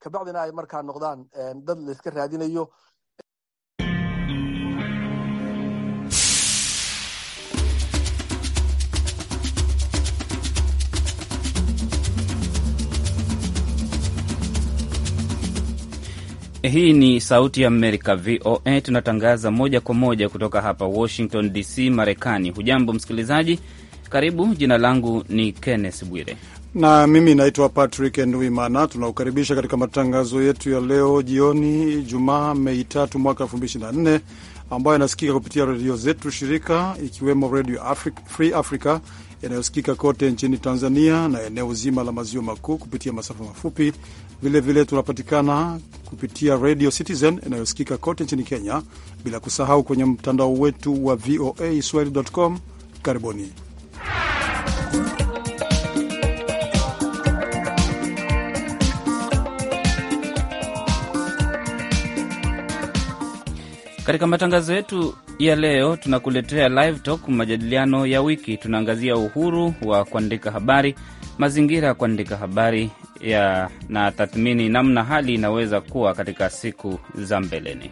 kabacdina ay markaa noqdaan dad layska raadinayo. Hii ni Sauti ya Amerika, VOA. Tunatangaza moja kwa moja kutoka hapa Washington DC, Marekani. Hujambo msikilizaji, karibu. Jina langu ni Kenneth Bwire na mimi naitwa Patrick Nduimana. Tunakukaribisha katika matangazo yetu ya leo jioni, Jumaa Mei tatu mwaka elfu mbili ishirini na nne ambayo inasikika kupitia redio zetu shirika ikiwemo Redio Free Africa yanayosikika kote nchini Tanzania na eneo zima la maziwa makuu kupitia masafa mafupi. Vilevile tunapatikana kupitia Radio Citizen inayosikika kote nchini Kenya, bila kusahau kwenye mtandao wetu wa VOA Swahili.com. Karibuni. Katika matangazo yetu ya leo tunakuletea live talk, majadiliano ya wiki. Tunaangazia uhuru wa kuandika habari, mazingira ya kuandika habari ya na tathmini namna hali inaweza kuwa katika siku za mbeleni.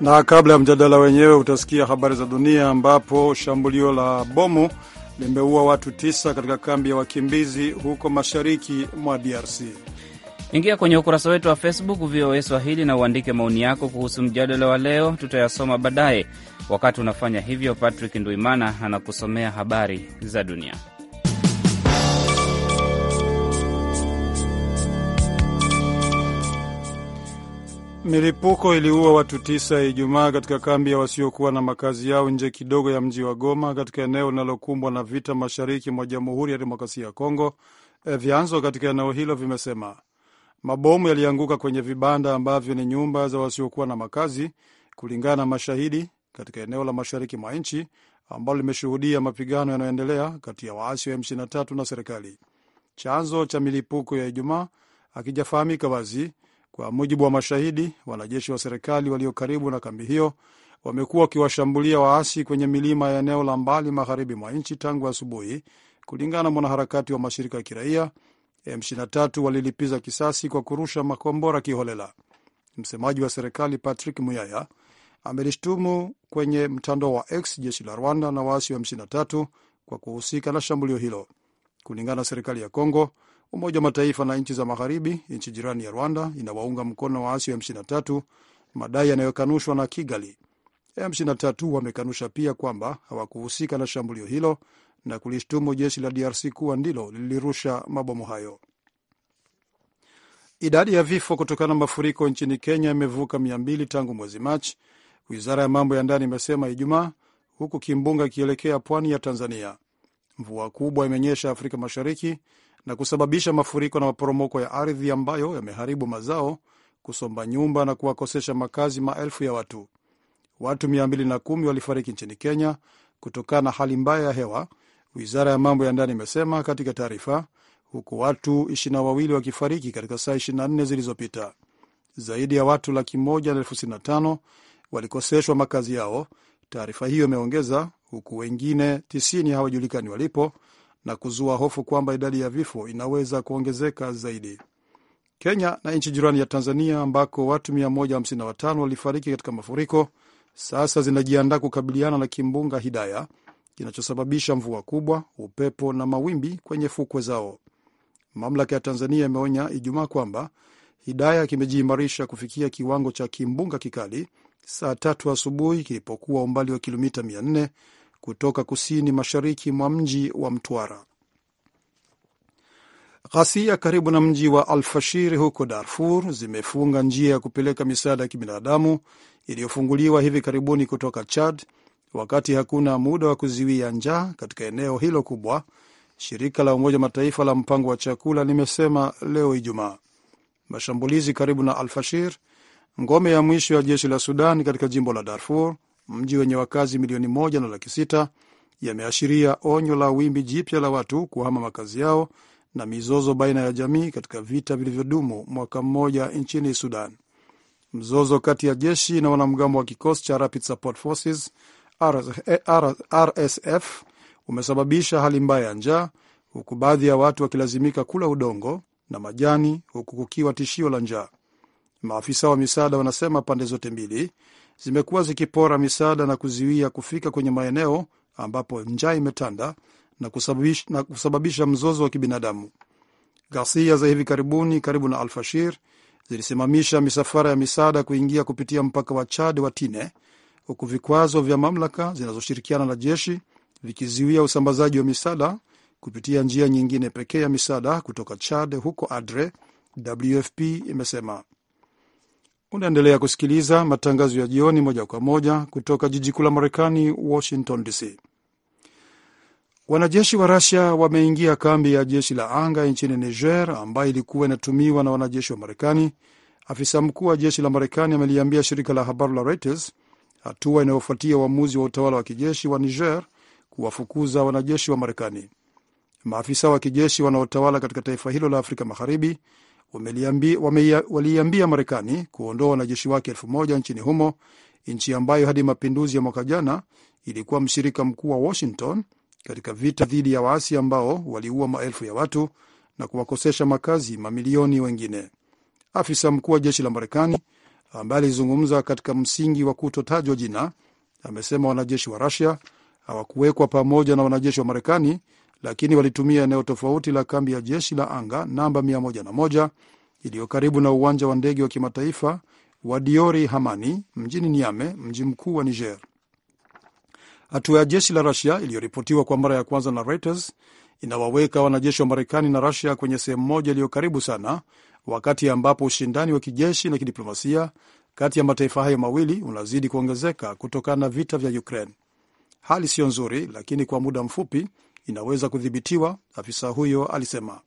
Na kabla ya mjadala wenyewe, utasikia habari za dunia, ambapo shambulio la bomu limeua watu tisa katika kambi ya wakimbizi huko mashariki mwa DRC. Ingia kwenye ukurasa wetu wa Facebook VOA Swahili na uandike maoni yako kuhusu mjadala wa leo, tutayasoma baadaye. Wakati unafanya hivyo, Patrick Nduimana anakusomea habari za dunia. Milipuko iliua watu tisa Ijumaa katika kambi ya wasiokuwa na makazi yao nje kidogo ya mji wa Goma katika eneo linalokumbwa na vita mashariki mwa Jamhuri ya Demokrasia ya Kongo, eh, vyanzo katika eneo hilo vimesema. Mabomu yalianguka kwenye vibanda ambavyo ni nyumba za wasiokuwa na makazi, kulingana na mashahidi, katika eneo la mashariki mwa nchi ambalo limeshuhudia mapigano yanayoendelea kati ya waasi wa M23 na serikali. Chanzo cha milipuko ya Ijumaa hakijafahamika wazi. Kwa mujibu wa mashahidi, wanajeshi wa serikali walio karibu na kambi hiyo wamekuwa wakiwashambulia waasi kwenye milima ya eneo la mbali magharibi mwa nchi tangu asubuhi, kulingana na mwanaharakati wa mashirika ya kiraia M23 walilipiza kisasi kwa kurusha makombora kiholela. Msemaji wa serikali Patrick Muyaya amelishtumu kwenye mtandao wa X jeshi la Rwanda na waasi wa M23 kwa kuhusika na shambulio hilo. Kulingana na serikali ya Kongo, Umoja wa Mataifa na nchi za magharibi, nchi jirani ya Rwanda inawaunga mkono waasi wa M23, madai yanayokanushwa na Kigali. M23 wamekanusha pia kwamba hawakuhusika na shambulio hilo na kulishtumu jeshi la DRC kuwa ndilo lilirusha mabomu hayo. Idadi ya vifo kutokana na mafuriko nchini Kenya imevuka mia mbili tangu mwezi Machi, wizara ya mambo ya ndani imesema Ijumaa, huku kimbunga ikielekea pwani ya Tanzania. Mvua kubwa imenyesha Afrika Mashariki na kusababisha mafuriko na maporomoko ya ardhi ambayo yameharibu mazao, kusomba nyumba na kuwakosesha makazi maelfu ya watu. Watu 210 walifariki nchini Kenya kutokana na hali mbaya ya hewa, wizara ya mambo ya ndani imesema katika taarifa, huku watu 2 wawili wakifariki katika saa 24 zilizopita. Zaidi ya watu laki moja na elfu sitini na tano walikoseshwa makazi yao, taarifa hiyo imeongeza, huku wengine 90 hawajulikani walipo na kuzua hofu kwamba idadi ya vifo inaweza kuongezeka zaidi. Kenya na nchi jirani ya Tanzania ambako watu 155 walifariki katika mafuriko sasa zinajiandaa kukabiliana na kimbunga Hidaya kinachosababisha mvua kubwa, upepo na mawimbi kwenye fukwe zao. Mamlaka ya Tanzania imeonya Ijumaa kwamba Hidaya kimejiimarisha kufikia kiwango cha kimbunga kikali saa tatu asubuhi kilipokuwa umbali wa kilomita 400 kutoka kusini mashariki mwa mji wa Mtwara. Ghasia karibu na mji wa Alfashir huko Darfur zimefunga njia ya kupeleka misaada ya kibinadamu iliyofunguliwa hivi karibuni kutoka Chad wakati hakuna muda wa kuziwia njaa katika eneo hilo kubwa, shirika la Umoja Mataifa la mpango wa chakula limesema leo Ijumaa. Mashambulizi karibu na Alfashir, ngome ya mwisho ya jeshi la Sudan katika jimbo la Darfur, mji wenye wakazi milioni moja na laki sita, yameashiria onyo la wimbi jipya la watu kuhama makazi yao na mizozo baina ya jamii katika vita vilivyodumu mwaka mmoja nchini Sudan. Mzozo kati ya jeshi na wanamgambo wa kikosi cha Rapid Support Forces RSF umesababisha hali mbaya ya njaa, huku baadhi ya watu wakilazimika kula udongo na majani, huku kukiwa tishio la njaa. Maafisa wa misaada wanasema pande zote mbili zimekuwa zikipora misaada na kuziwia kufika kwenye maeneo ambapo njaa imetanda na kusababisha, na kusababisha mzozo wa kibinadamu. Ghasia za hivi karibuni karibu na Alfashir zilisimamisha misafara ya misaada kuingia kupitia mpaka wa Chad wa Tine huku vikwazo vya mamlaka zinazoshirikiana na jeshi vikizuia usambazaji wa misaada kupitia njia nyingine pekee ya misaada kutoka Chad huko Adre, WFP imesema. Unaendelea kusikiliza matangazo ya jioni moja kwa moja kutoka jiji kuu la Marekani, Washington DC. Wanajeshi wa Rasia wameingia kambi ya jeshi la anga nchini Niger ambayo ilikuwa inatumiwa na wanajeshi wa Marekani. Afisa mkuu wa jeshi la Marekani ameliambia shirika la habari la Reuters hatua inayofuatia uamuzi wa utawala wa kijeshi wa Niger kuwafukuza wanajeshi wa Marekani. Maafisa wa kijeshi wanaotawala katika taifa hilo la Afrika Magharibi waliiambia Marekani kuondoa wanajeshi wake elfu moja nchini humo, nchi ambayo hadi mapinduzi ya mwaka jana ilikuwa mshirika mkuu wa Washington katika vita dhidi ya waasi ambao waliua maelfu ya watu na kuwakosesha makazi mamilioni wengine. Afisa mkuu wa jeshi la Marekani ambaye alizungumza katika msingi wa kutotajwa jina, amesema wanajeshi wa Rusia hawakuwekwa pamoja na wanajeshi wa Marekani, lakini walitumia eneo tofauti la kambi ya jeshi la anga namba 101 iliyo karibu na uwanja wa ndege wa kimataifa wa Diori Hamani mjini Niame, mji mkuu wa Niger. Hatua ya jeshi la Rusia iliyoripotiwa kwa mara ya kwanza na Reuters inawaweka wanajeshi wa Marekani na Rusia kwenye sehemu moja iliyo karibu sana wakati ambapo ushindani wa kijeshi na kidiplomasia kati ya mataifa hayo mawili unazidi kuongezeka kutokana na vita vya Ukraine. Hali siyo nzuri, lakini kwa muda mfupi inaweza kudhibitiwa, afisa huyo alisema.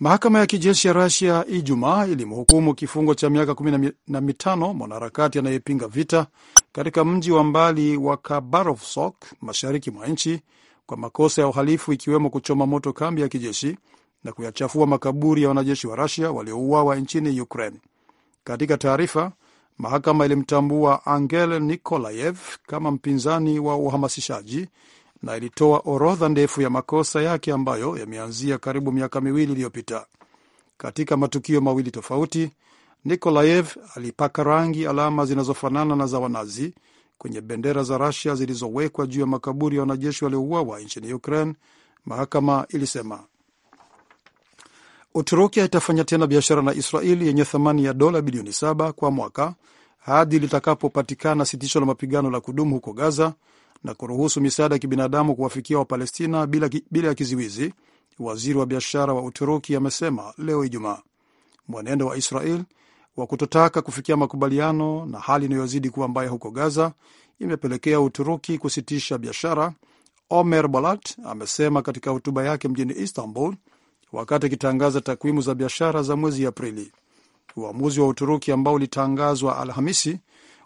Mahakama ya kijeshi ya Rusia Ijumaa ilimhukumu kifungo cha miaka kumi na mitano mwanaharakati anayepinga vita katika mji wa mbali wa Khabarovsk mashariki mwa nchi kwa makosa ya uhalifu ikiwemo kuchoma moto kambi ya kijeshi na kuyachafua makaburi ya wanajeshi wa Rusia waliouawa nchini Ukraine. Katika taarifa, mahakama ilimtambua Angel Nikolayev kama mpinzani wa uhamasishaji na ilitoa orodha ndefu ya makosa yake ambayo yameanzia karibu miaka miwili iliyopita. Katika matukio mawili tofauti, Nikolayev alipaka rangi alama zinazofanana na za Wanazi kwenye bendera za Rusia zilizowekwa juu ya makaburi ya wanajeshi waliouawa nchini Ukraine, mahakama ilisema. Uturuki haitafanya tena biashara na Israeli yenye thamani ya dola bilioni saba kwa mwaka hadi litakapopatikana sitisho la mapigano la kudumu huko Gaza na kuruhusu misaada ya kibinadamu kuwafikia Wapalestina bila, bila ya kiziwizi, waziri wa biashara wa Uturuki amesema leo Ijumaa. Mwenendo wa Israel wa kutotaka kufikia makubaliano na hali inayozidi kuwa mbaya huko Gaza imepelekea Uturuki kusitisha biashara, Omer Balat amesema katika hotuba yake mjini Istanbul wakati akitangaza takwimu za biashara za mwezi Aprili. Uamuzi wa Uturuki ambao ulitangazwa Alhamisi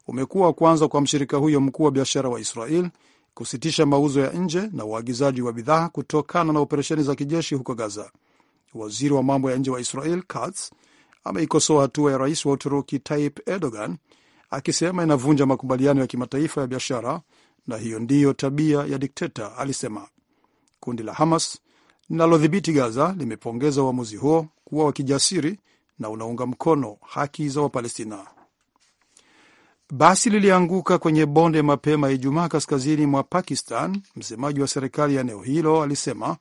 umekuwa wa kwanza kwa mshirika huyo mkuu wa biashara wa Israel kusitisha mauzo ya nje na uagizaji wa bidhaa kutokana na operesheni za kijeshi huko Gaza. Waziri wa mambo ya nje wa Israel Katz ameikosoa hatua ya rais wa Uturuki Tayyip Erdogan akisema inavunja makubaliano ya kimataifa ya biashara, na hiyo ndiyo tabia ya dikteta, alisema. Kundi la Hamas linalodhibiti Gaza limepongeza uamuzi huo kuwa wa kijasiri na unaunga mkono haki za Wapalestina. Basi lilianguka kwenye bonde mapema Ijumaa kaskazini mwa Pakistan, msemaji wa serikali ya eneo hilo alisema,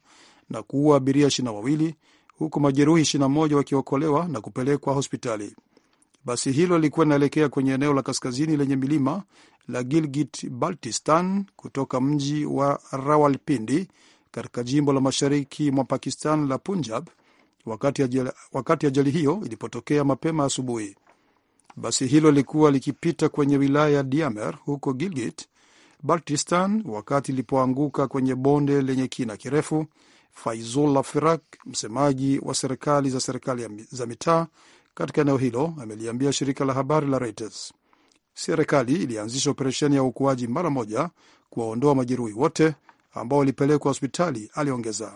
na kuua abiria ishirini na wawili huku majeruhi moja wakiokolewa na kupelekwa hospitali. Basi hilo lilikuwa linaelekea kwenye eneo la kaskazini lenye milima la Gilgit Baltistan kutoka mji wa Rawalpindi katika jimbo la mashariki mwa Pakistan la Punjab wakati ajali, wakati ajali hiyo ilipotokea mapema asubuhi. Basi hilo lilikuwa likipita kwenye wilaya ya Diamer huko Gilgit Baltistan wakati ilipoanguka kwenye bonde lenye kina kirefu. Faizullah Firak, msemaji wa serikali za serikali za mitaa katika eneo hilo, ameliambia shirika la habari la Reuters. Serikali ilianzisha operesheni ya uokoaji mara moja kuwaondoa majeruhi wote ambao walipelekwa hospitali, aliongeza.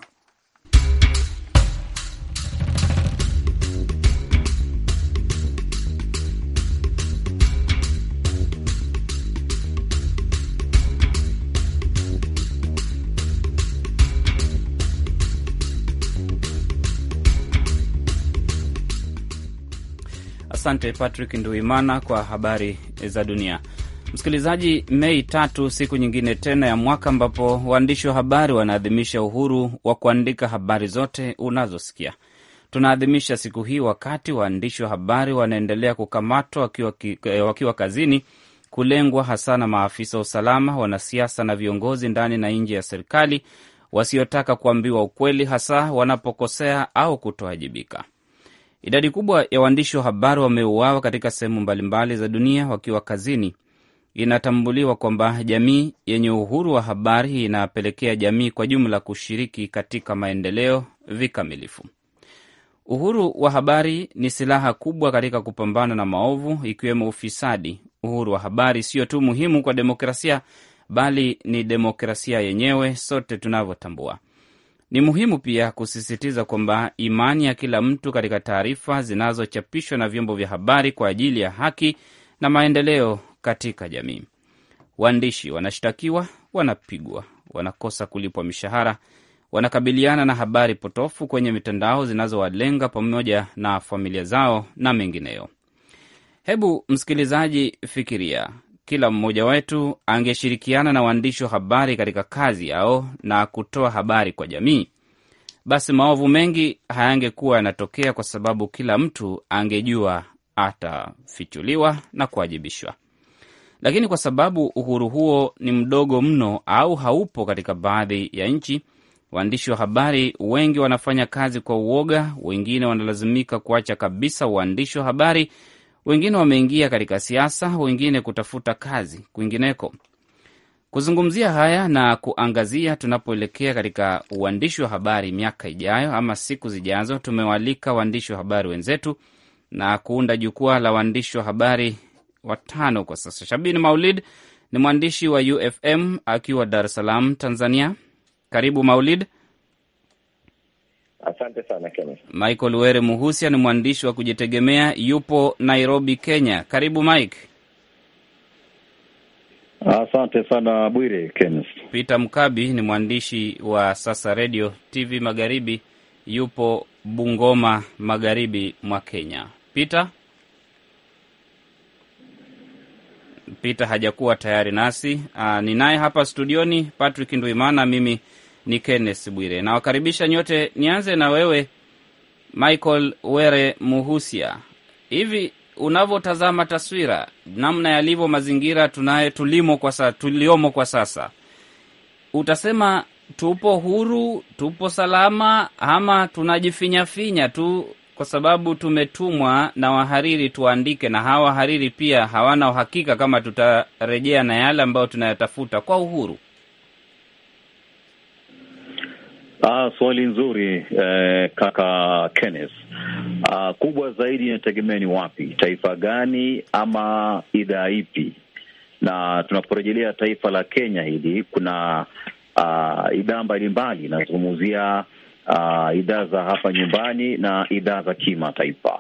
Asante Patrick Nduimana kwa habari za dunia. Msikilizaji, Mei tatu, siku nyingine tena ya mwaka ambapo waandishi wa habari wanaadhimisha uhuru wa kuandika habari zote unazosikia. Tunaadhimisha siku hii wakati waandishi wa habari wanaendelea kukamatwa wakiwa, eh, wakiwa kazini, kulengwa hasa na maafisa wa usalama, wanasiasa na viongozi ndani na nje ya serikali wasiotaka kuambiwa ukweli, hasa wanapokosea au kutowajibika. Idadi kubwa ya waandishi wa habari wameuawa katika sehemu mbalimbali za dunia wakiwa kazini inatambuliwa kwamba jamii yenye uhuru wa habari inapelekea jamii kwa jumla kushiriki katika maendeleo vikamilifu. Uhuru wa habari ni silaha kubwa katika kupambana na maovu ikiwemo ufisadi. Uhuru wa habari sio tu muhimu kwa demokrasia, bali ni demokrasia yenyewe sote tunavyotambua. Ni muhimu pia kusisitiza kwamba imani ya kila mtu katika taarifa zinazochapishwa na vyombo vya habari kwa ajili ya haki na maendeleo katika jamii. Waandishi wanashtakiwa, wanapigwa, wanakosa kulipwa mishahara, wanakabiliana na habari potofu kwenye mitandao zinazowalenga pamoja na familia zao na mengineyo. Hebu msikilizaji, fikiria kila mmoja wetu angeshirikiana na waandishi wa habari katika kazi yao na kutoa habari kwa jamii, basi maovu mengi hayangekuwa yanatokea, kwa sababu kila mtu angejua atafichuliwa na kuwajibishwa lakini kwa sababu uhuru huo ni mdogo mno au haupo katika baadhi ya nchi, waandishi wa habari wengi wanafanya kazi kwa uoga, wengine wanalazimika kuacha kabisa uandishi wa habari, wengine wameingia katika siasa, wengine kutafuta kazi kwingineko. Kuzungumzia haya na kuangazia tunapoelekea katika uandishi wa habari miaka ijayo ama siku zijazo, tumewaalika waandishi wa habari wenzetu na kuunda jukwaa la waandishi wa habari watano kwa sasa. shabini Maulid ni mwandishi wa UFM akiwa Dar es Salaam, Tanzania. Karibu Maulid. Asante sana Kenneth. Michael Were Muhusia ni mwandishi wa kujitegemea yupo Nairobi, Kenya. Karibu Mike. Asante sana Bwire Kenneth. Peter Mkabi ni mwandishi wa Sasa Radio TV Magharibi, yupo Bungoma, magharibi mwa Kenya. Peter Peter hajakuwa tayari nasi. Ah, ninaye hapa studioni Patrick Ndwimana, mimi ni Kenneth Bwire. Nawakaribisha nyote. Nianze na wewe Michael Were Muhusia, hivi unavyotazama taswira namna yalivyo mazingira tunaye tulimo kwa sasa, tuliomo kwa sasa, utasema tupo huru, tupo salama ama tunajifinyafinya tu kwa sababu tumetumwa na wahariri tuandike, na hawa wahariri pia hawana uhakika kama tutarejea na yale ambayo tunayatafuta kwa uhuru. Ah, swali nzuri eh, kaka Kenneth. Ah, kubwa zaidi inategemea ni wapi, taifa gani ama idhaa ipi. Na tunaporejelea taifa la Kenya hili kuna ah, idhaa mbalimbali inazungumzia uh, idhaa za hapa nyumbani na idhaa za kimataifa.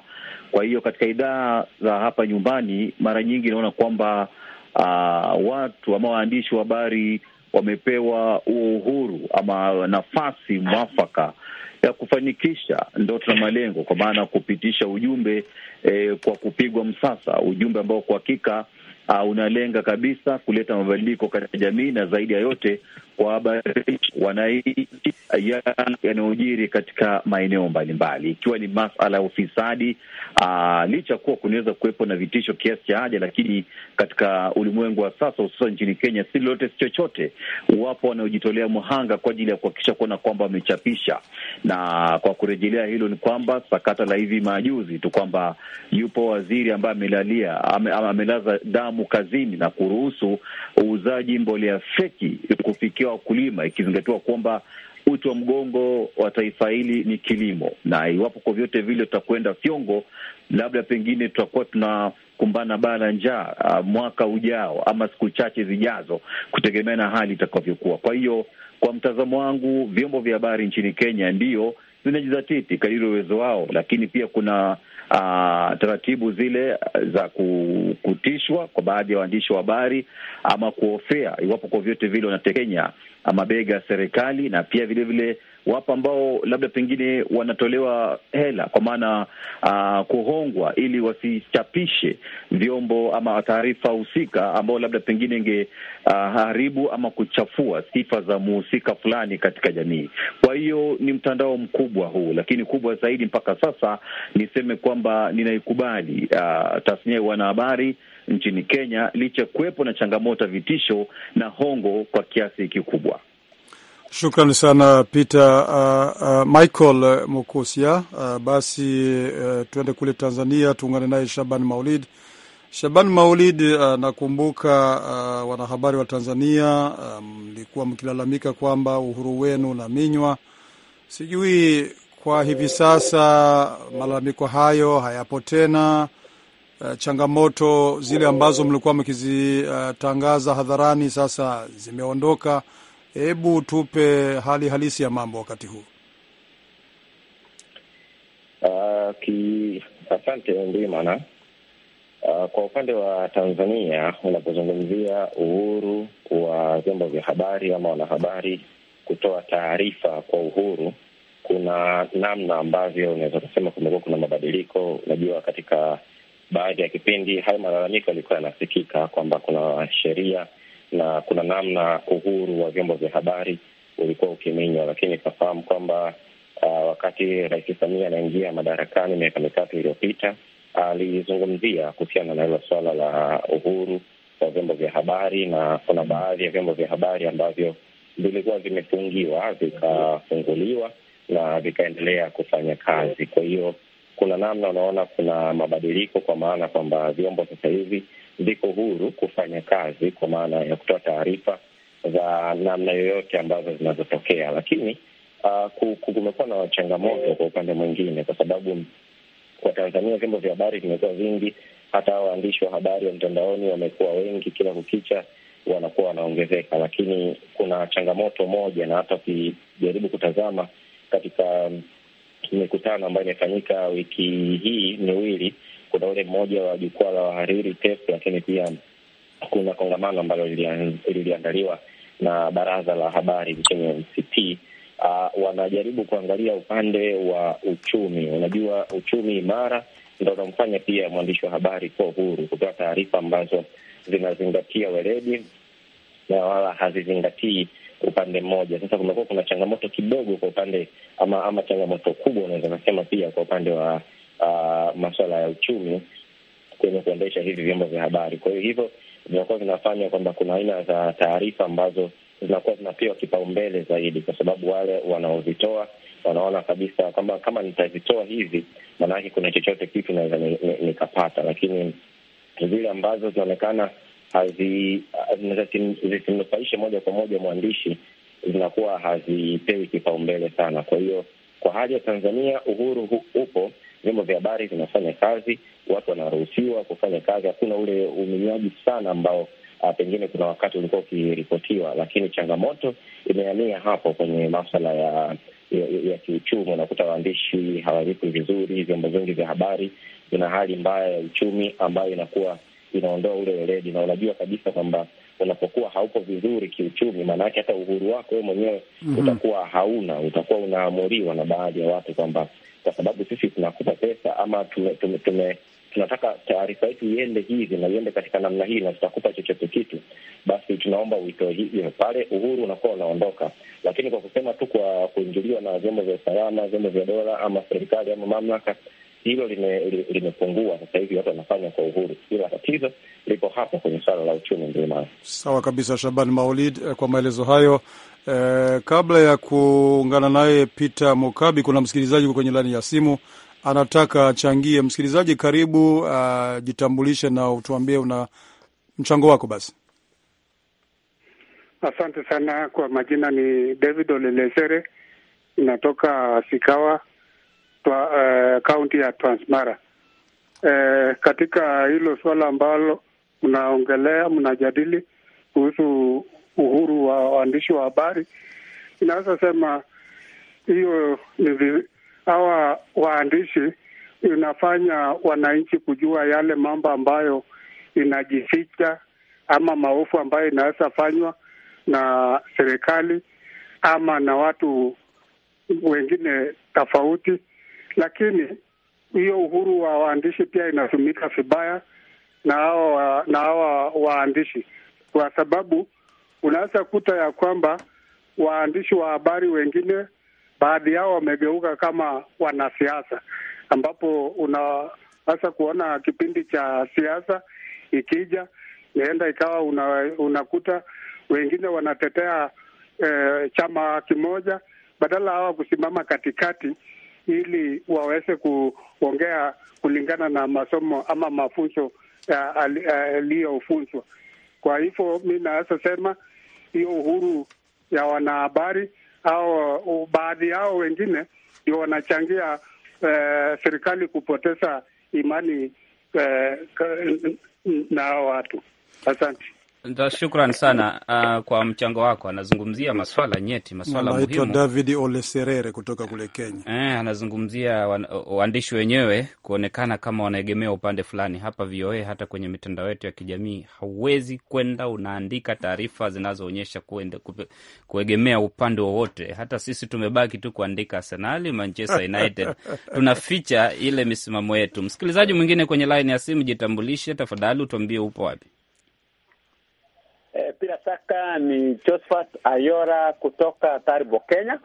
Kwa hiyo katika idhaa za hapa nyumbani, mara nyingi naona kwamba uh, watu ama waandishi wa habari wamepewa huo uhuru ama nafasi mwafaka ya kufanikisha ndoto na malengo, kwa maana kupitisha ujumbe eh, kwa kupigwa msasa, ujumbe ambao kwa hakika uh, unalenga kabisa kuleta mabadiliko katika jamii na zaidi ya yote kuwahabarisha wananchi yanayojiri katika maeneo mbalimbali, ikiwa ni masala ya ufisadi. Uh, licha kuwa kunaweza kuwepo na vitisho kiasi cha haja, lakini katika ulimwengu wa sasa, hususan nchini Kenya, si lolote si chochote. Wapo wanaojitolea mhanga kwa ajili ya kuhakikisha kuona kwamba wamechapisha, na kwa kurejelea hilo ni kwamba sakata la hivi majuzi tu kwamba yupo waziri ambaye amelalia amelaza damu nidhamu kazini na kuruhusu uuzaji mbolea feki kufikia wakulima, ikizingatiwa kwamba uti wa mgongo wa taifa hili ni kilimo, na iwapo kwa vyote vile tutakwenda fyongo, labda pengine tutakuwa tunakumbana na baa la njaa uh, mwaka ujao ama siku chache zijazo, kutegemea na hali itakavyokuwa. Kwa hiyo, kwa mtazamo wangu, vyombo vya habari nchini Kenya ndiyo zinajizatiti kadiri uwezo wao, lakini pia kuna Ah, taratibu zile za kutishwa kwa baadhi ya waandishi wa habari ama kuofea iwapo kwa vyote vile wanatekenya mabega ya serikali na pia vilevile vile wapo ambao labda pengine wanatolewa hela kwa maana uh, kuhongwa ili wasichapishe vyombo ama taarifa husika ambao labda pengine ingeharibu ah, uh, ama kuchafua sifa za muhusika fulani katika jamii. Kwa hiyo ni mtandao mkubwa huu, lakini kubwa zaidi mpaka sasa niseme kwamba ninaikubali uh, tasnia ya wanahabari nchini Kenya licha kuwepo na changamoto ya vitisho na hongo kwa kiasi kikubwa. Shukran sana Peter uh, uh, Michael uh, Mukusia. Uh, basi uh, tuende kule Tanzania, tuungane naye Shaban Maulid. Shaban Maulid, uh, nakumbuka uh, wanahabari wa Tanzania um, mlikuwa um, mkilalamika kwamba uhuru wenu unaminywa. Sijui kwa hivi sasa malalamiko hayo hayapo tena. Uh, changamoto zile ambazo mlikuwa mkizitangaza uh, hadharani sasa zimeondoka. Hebu tupe hali halisi ya mambo wakati huu. Uh, asante Ndimana. Uh, ah, kwa upande wa Tanzania unapozungumzia uhuru wa vyombo vya habari ama wanahabari kutoa taarifa kwa uhuru, kuna namna ambavyo unaweza kusema kumekuwa kuna mabadiliko. Unajua, katika baadhi ya kipindi haya malalamiko yalikuwa yanasikika kwamba kuna sheria na kuna namna uhuru wa vyombo vya habari ulikuwa ukiminywa, lakini tunafahamu kwamba uh, wakati Rais Samia anaingia madarakani miaka mitatu iliyopita alizungumzia kuhusiana na hilo suala la uhuru wa vyombo vya habari, na kuna baadhi ya vyombo vya habari ambavyo vilikuwa vimefungiwa vikafunguliwa na vikaendelea kufanya kazi. Kwa hiyo kuna namna unaona kuna mabadiliko, kwa maana kwamba vyombo sasa hivi ziko huru kufanya kazi kwa maana ya kutoa taarifa za namna yoyote ambazo zinazotokea, lakini uh, kumekuwa na changamoto kwa upande mwingine, kwa sababu kwa Tanzania vyombo vya habari vimekuwa vingi, hata a waandishi wa habari wa mtandaoni wamekuwa wengi, kila kukicha wanakuwa wanaongezeka, lakini kuna changamoto moja, na hata ukijaribu kutazama katika mikutano ambayo imefanyika wiki hii miwili kuna ule mmoja wa jukwaa la wahariri TEF, lakini pia kuna kongamano ambalo liliandaliwa na baraza la habari nchini MCT. Uh, ah, wanajaribu kuangalia upande wa uchumi. Unajua, uchumi imara ndo unamfanya pia mwandishi wa habari kuwa huru kutoa taarifa ambazo zinazingatia weledi na wala hazizingatii upande mmoja. Sasa kumekuwa kuna changamoto kidogo kwa upande ama, ama changamoto kubwa unaweza kasema pia kwa upande wa uh, masuala ya uchumi kwenye kuendesha hivi vyombo vya habari. Kwa hiyo hivyo vinakuwa vinafanya kwamba kuna aina za taarifa ambazo zinakuwa zinapewa kipaumbele zaidi, kwa sababu wale wanaozitoa wanaona kabisa kwamba kama nitazitoa hivi, maanake kuna chochote kitu naweza nikapata, lakini zile ambazo zinaonekana zisimnufaishe moja kwa moja mwandishi zinakuwa hazipewi kipaumbele sana. Kwa hiyo kwa hali ya Tanzania uhuru hu, upo vyombo vya habari vinafanya kazi, watu wanaruhusiwa kufanya kazi, hakuna ule uminywaji sana ambao Uh, pengine kuna wakati ulikuwa ukiripotiwa, lakini changamoto imeania hapo kwenye maswala ya ya, ya kiuchumi. Unakuta waandishi hawalipwi vizuri, vyombo vingi vya habari vina hali mbaya ya uchumi ambayo inakuwa inaondoa ule weledi, na unajua kabisa kwamba unapokuwa hauko vizuri kiuchumi, maanake hata uhuru wako wewe mwenyewe mm -hmm. utakuwa hauna, utakuwa unaamuriwa na baadhi ya watu kwamba kwa sababu sisi tunakupa pesa ama tume, tume, tume tunataka taarifa yetu iende hivi na iende katika namna hii, na tutakupa chochote kitu, basi tunaomba uitoe hivyo. Pale uhuru unakuwa unaondoka, lakini kwa kusema tu kwa kuingiliwa na vyombo vya usalama, vyombo vya dola ama serikali ama mamlaka, hilo limepungua lime, sasa hivi watu wanafanya kwa uhuru, ila tatizo lipo hapo kwenye suala la uchumi nzima. Sawa kabisa, Shaban Maulid, eh, kwa maelezo hayo. Eh, kabla ya kuungana naye Peter Mokabi, kuna msikilizaji kwenye laini ya simu anataka achangie. Msikilizaji karibu, uh, jitambulishe na utuambie una mchango wako basi. Asante sana kwa majina, ni David Olelesere, inatoka Sikawa eh, kaunti uh, ya Transmara. Uh, eh, katika hilo suala ambalo mnaongelea mnajadili kuhusu uhuru wa waandishi wa habari, inaweza sema hiyo ni hawa waandishi inafanya wananchi kujua yale mambo ambayo inajificha ama maofu ambayo inaweza fanywa na serikali ama na watu wengine tofauti. Lakini hiyo uhuru wa waandishi pia inatumika vibaya na hawa na hawa waandishi, kwa sababu unaweza kuta ya kwamba waandishi wa habari wengine baadhi yao wamegeuka kama wanasiasa, ambapo unaweza kuona kipindi cha siasa ikija naenda ikawa una, unakuta wengine wanatetea e, chama kimoja badala hawa kusimama katikati ili waweze kuongea kulingana na masomo ama mafunzo yaliyofunzwa. Eh, eh, Kwa hivyo mi naweza sema hiyo uhuru ya wanahabari au uh, baadhi yao wengine ndio wanachangia uh, serikali kupoteza imani uh, na watu. Asante. Shukran sana uh, kwa mchango wako. Anazungumzia maswala nyeti, maswala muhimu. David Ole Serere kutoka kule Kenya eh, anazungumzia waandishi wenyewe kuonekana kama wanaegemea upande fulani. Hapa VOA, hata kwenye mitandao yetu ya kijamii, hauwezi kwenda unaandika taarifa zinazoonyesha kuegemea upande wowote. Hata sisi tumebaki tu kuandika Arsenal, Manchester United tunaficha ile misimamo yetu. Msikilizaji mwingine kwenye laini ya simu, jitambulishe tafadhali, utuambie upo wapi bila shaka ni Josephat Ayora kutoka Taribo, Kenya.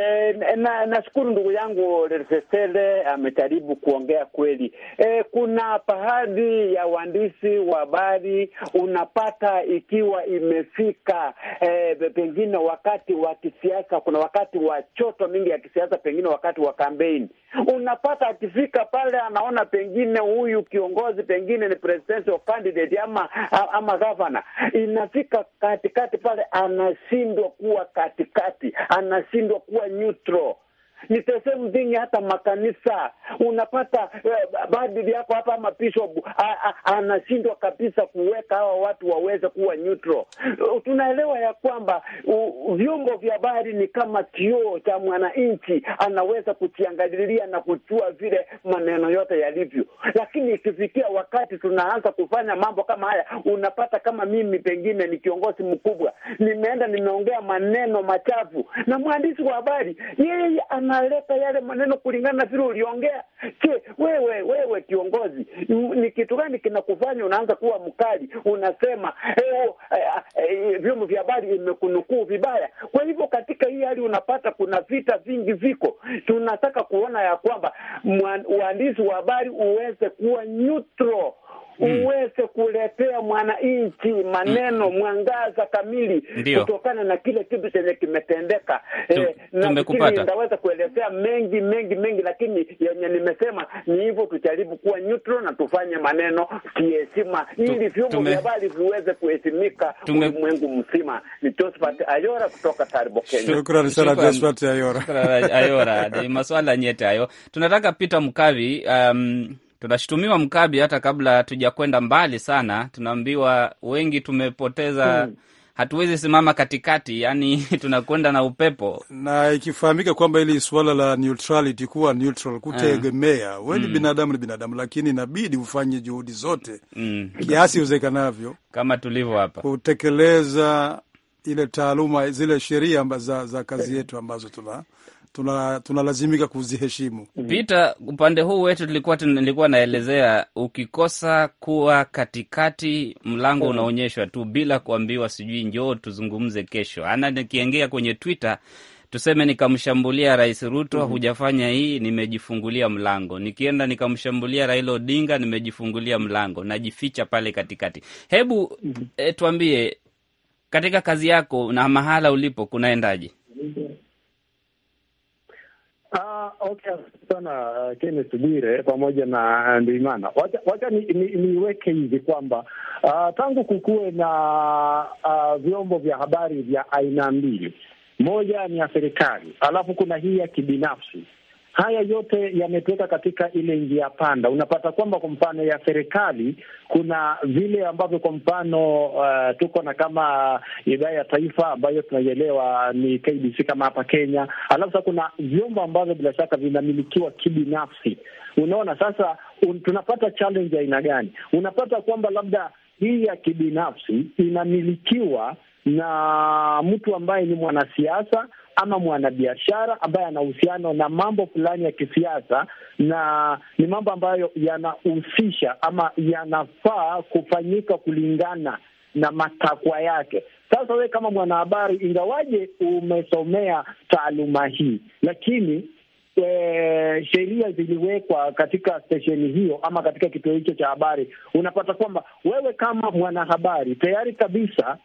E, na nashukuru ndugu yangu Sesele amejaribu kuongea kweli. E, kuna baadhi ya waandishi wa habari unapata ikiwa imefika e, pengine wakati wa kisiasa, kuna wakati wa choto mingi ya kisiasa, pengine wakati wa kampeni, unapata akifika pale anaona pengine huyu kiongozi pengine ni presidential candidate ama ama gavana, inafika katikati pale anashindwa kuwa katikati, anashindwa kuwa neutral Ni the same thing hata makanisa unapata uh, eh, badili yako hapa ama bishop anashindwa kabisa kuweka hawa watu waweze kuwa neutral. Uh, tunaelewa ya kwamba uh, vyombo vya habari ni kama kioo cha mwananchi, anaweza kuchiangalilia na kujua vile maneno yote yalivyo, lakini ikifikia wakati tunaanza kufanya mambo kama haya, unapata kama mimi pengine ni kiongozi mkubwa, nimeenda nimeongea maneno machafu na mwandishi wa habari yeye ana unaleta yale maneno kulingana na vile uliongea. Je, wewe wewe kiongozi, ni kitu gani kinakufanya unaanza kuwa mkali? Unasema eh, oh, eh, eh, eh, vyombo vya habari imekunukuu vibaya. Kwa hivyo katika hii hali unapata kuna vita vingi viko, tunataka kuona ya kwamba uandishi wa habari uweze kuwa neutral Mm. uweze kuletea mwananchi maneno mm. mwangaza kamili Ndiyo. kutokana na kile kitu chenye kimetendeka. Eh, nafikiri kuelezea mengi mengi mengi, lakini yenye nimesema ni hivyo, tujaribu kuwa neutral na tufanye maneno kiheshima, ili vyombo vya habari viweze kuheshimika ulimwengu mzima. Ni Josephat Ayora kutoka Taribo, Kenya. Shukrani sana Josephat Ayora. Ayora, ni maswala nyeti hayo. Tunataka Peter Mukavi um, tunashutumiwa Mkabi, hata kabla tujakwenda mbali sana, tunaambiwa wengi tumepoteza hmm. Hatuwezi simama katikati, yani tunakwenda na upepo, na ikifahamika kwamba ili suala la neutrality, kuwa neutral, kutegemea hmm. we ni hmm. binadamu ni binadamu, lakini inabidi ufanye juhudi zote hmm. kiasi uwezekanavyo, kama tulivyo hapa kutekeleza ile taaluma, zile sheria za, za kazi eh. yetu ambazo tuna tunalazimika tuna kuziheshimu. Mm-hmm. Pita upande huu wetu tulikuwa nilikuwa naelezea, ukikosa kuwa katikati, mlango mm-hmm. unaonyeshwa tu bila kuambiwa sijui njoo tuzungumze kesho. Ana nikiengea kwenye Twitter tuseme nikamshambulia Rais Ruto, mm -hmm. Hujafanya hii, nimejifungulia mlango. Nikienda nikamshambulia Raila Odinga, nimejifungulia mlango, najificha pale katikati. Hebu mm -hmm. e, tuambie katika kazi yako na mahala ulipo kunaendaje? Mm-hmm. Okay, sana uh, Kenneth Bwire pamoja na uh, Ndimana, wacha, niweke ni, ni hivi kwamba uh, tangu kukuwe na uh, vyombo vya habari vya aina mbili, moja ni ya serikali alafu kuna hii ya kibinafsi Haya yote yametuweka katika ile njia panda. Unapata kwamba kwa mfano ya serikali kuna vile ambavyo kwa mfano uh, tuko na kama idhaa ya taifa ambayo tunaielewa ni KBC kama hapa Kenya, alafu sasa kuna vyombo ambavyo bila shaka vinamilikiwa kibinafsi. Unaona sasa un, tunapata challenge ya aina gani? Unapata kwamba labda hii ya kibinafsi inamilikiwa na mtu ambaye ni mwanasiasa ama mwanabiashara ambaye ana uhusiano na mambo fulani ya kisiasa, na ni mambo ambayo yanahusisha ama yanafaa kufanyika kulingana na matakwa yake. Sasa wewe kama mwanahabari, ingawaje umesomea taaluma hii, lakini E, sheria ziliwekwa katika stesheni hiyo ama katika kituo hicho cha habari, unapata kwamba wewe kama mwanahabari tayari kabisa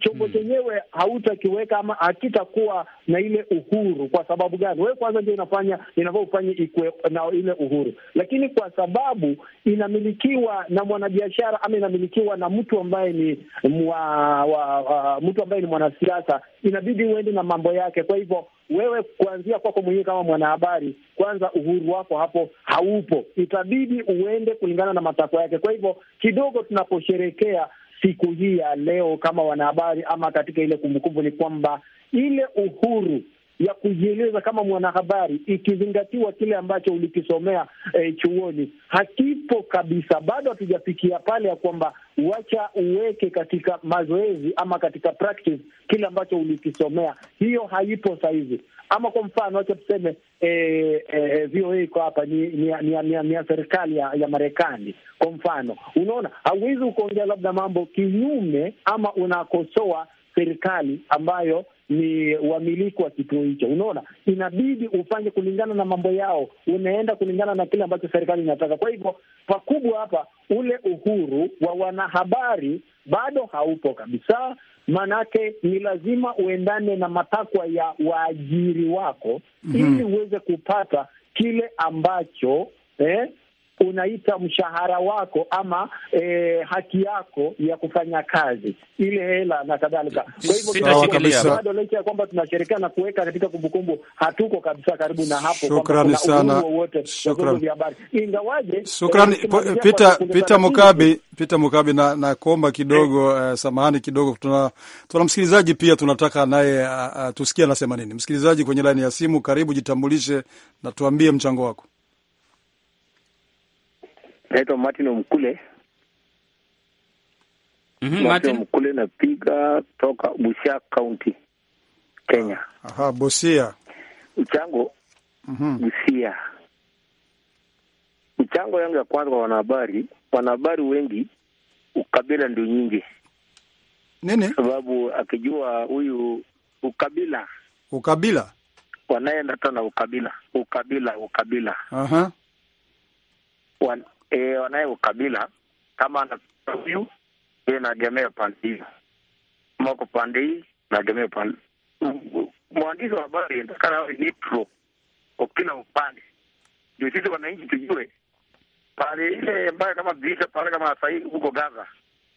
chombo hmm. chenyewe hautakiweka ama hakitakuwa na ile uhuru. Kwa sababu gani? Wewe kwanza ndio inafanya inafaa ufanye ikwe na ile uhuru, lakini kwa sababu inamilikiwa na mwanabiashara ama inamilikiwa na mtu ambaye ni mwa, wa, wa, mtu ambaye ni mwanasiasa, inabidi uende na mambo yake. Kwa hivyo wewe kuanzia kwako mwenyewe kama mwanahabari, kwanza uhuru wako hapo haupo, itabidi uende kulingana na matakwa yake. Kwa hivyo kidogo tunaposherekea siku hii ya leo kama wanahabari ama katika ile kumbukumbu ni kwamba ile uhuru ya kujieleza kama mwanahabari, ikizingatiwa kile ambacho ulikisomea eh, chuoni, hakipo kabisa. Bado hatujafikia pale ya kwamba wacha uweke katika mazoezi ama katika practice kile ambacho ulikisomea, hiyo haipo sahizi. Ama kwa mfano, wacha tuseme eh, eh, VOA iko hapa ni, ni, ni, ni, ni ya serikali ya, ya Marekani kwa mfano, unaona hauwezi ukaongea labda mambo kinyume ama unakosoa serikali ambayo ni wamiliki wa kituo hicho. Unaona, inabidi ufanye kulingana na mambo yao, unaenda kulingana na kile ambacho serikali inataka. Kwa hivyo, pakubwa hapa ule uhuru wa wanahabari bado haupo kabisa, maanake ni lazima uendane na matakwa ya waajiri wako mm -hmm. ili uweze kupata kile ambacho eh, unaita mshahara wako ama e, haki yako ya kufanya kazi ile hela na kadhalika. Kwa hivyo bado licha ya kwamba tunasherekea na kuweka katika kumbukumbu, hatuko kabisa karibu na hapo. Shukrani sana, ingawaje e, shukrani Peter Peter Mukabi Peter Mukabi na nakomba kidogo eh. Uh, samahani kidogo, tuna tuna msikilizaji pia tunataka naye uh, uh, tusikie anasema nini. Msikilizaji kwenye laini ya simu, karibu, jitambulishe na tuambie mchango wako naitwa Martin Omkule. Mm -hmm, Martin Omkule, napiga toka Busia County, Kenya. Aha, Busia. Mchango mm -hmm. Busia. Mchango yangu ya kwanza kwa wanahabari, wanahabari wengi ukabila ndio nyingi nini, sababu akijua huyu ukabila ukabila wanaenda tena ukabila ukabila ukabila uh -huh e, ukabila kama anapenda huyu e, naegemea upande hiyo, kama uko pande hii naegemea upande. Mwandishi wa habari inatakana awe nitro kwa kila upande, ndio sisi wananchi tujue pale ile mbaya kama vita pale kama sahii huko Gaza,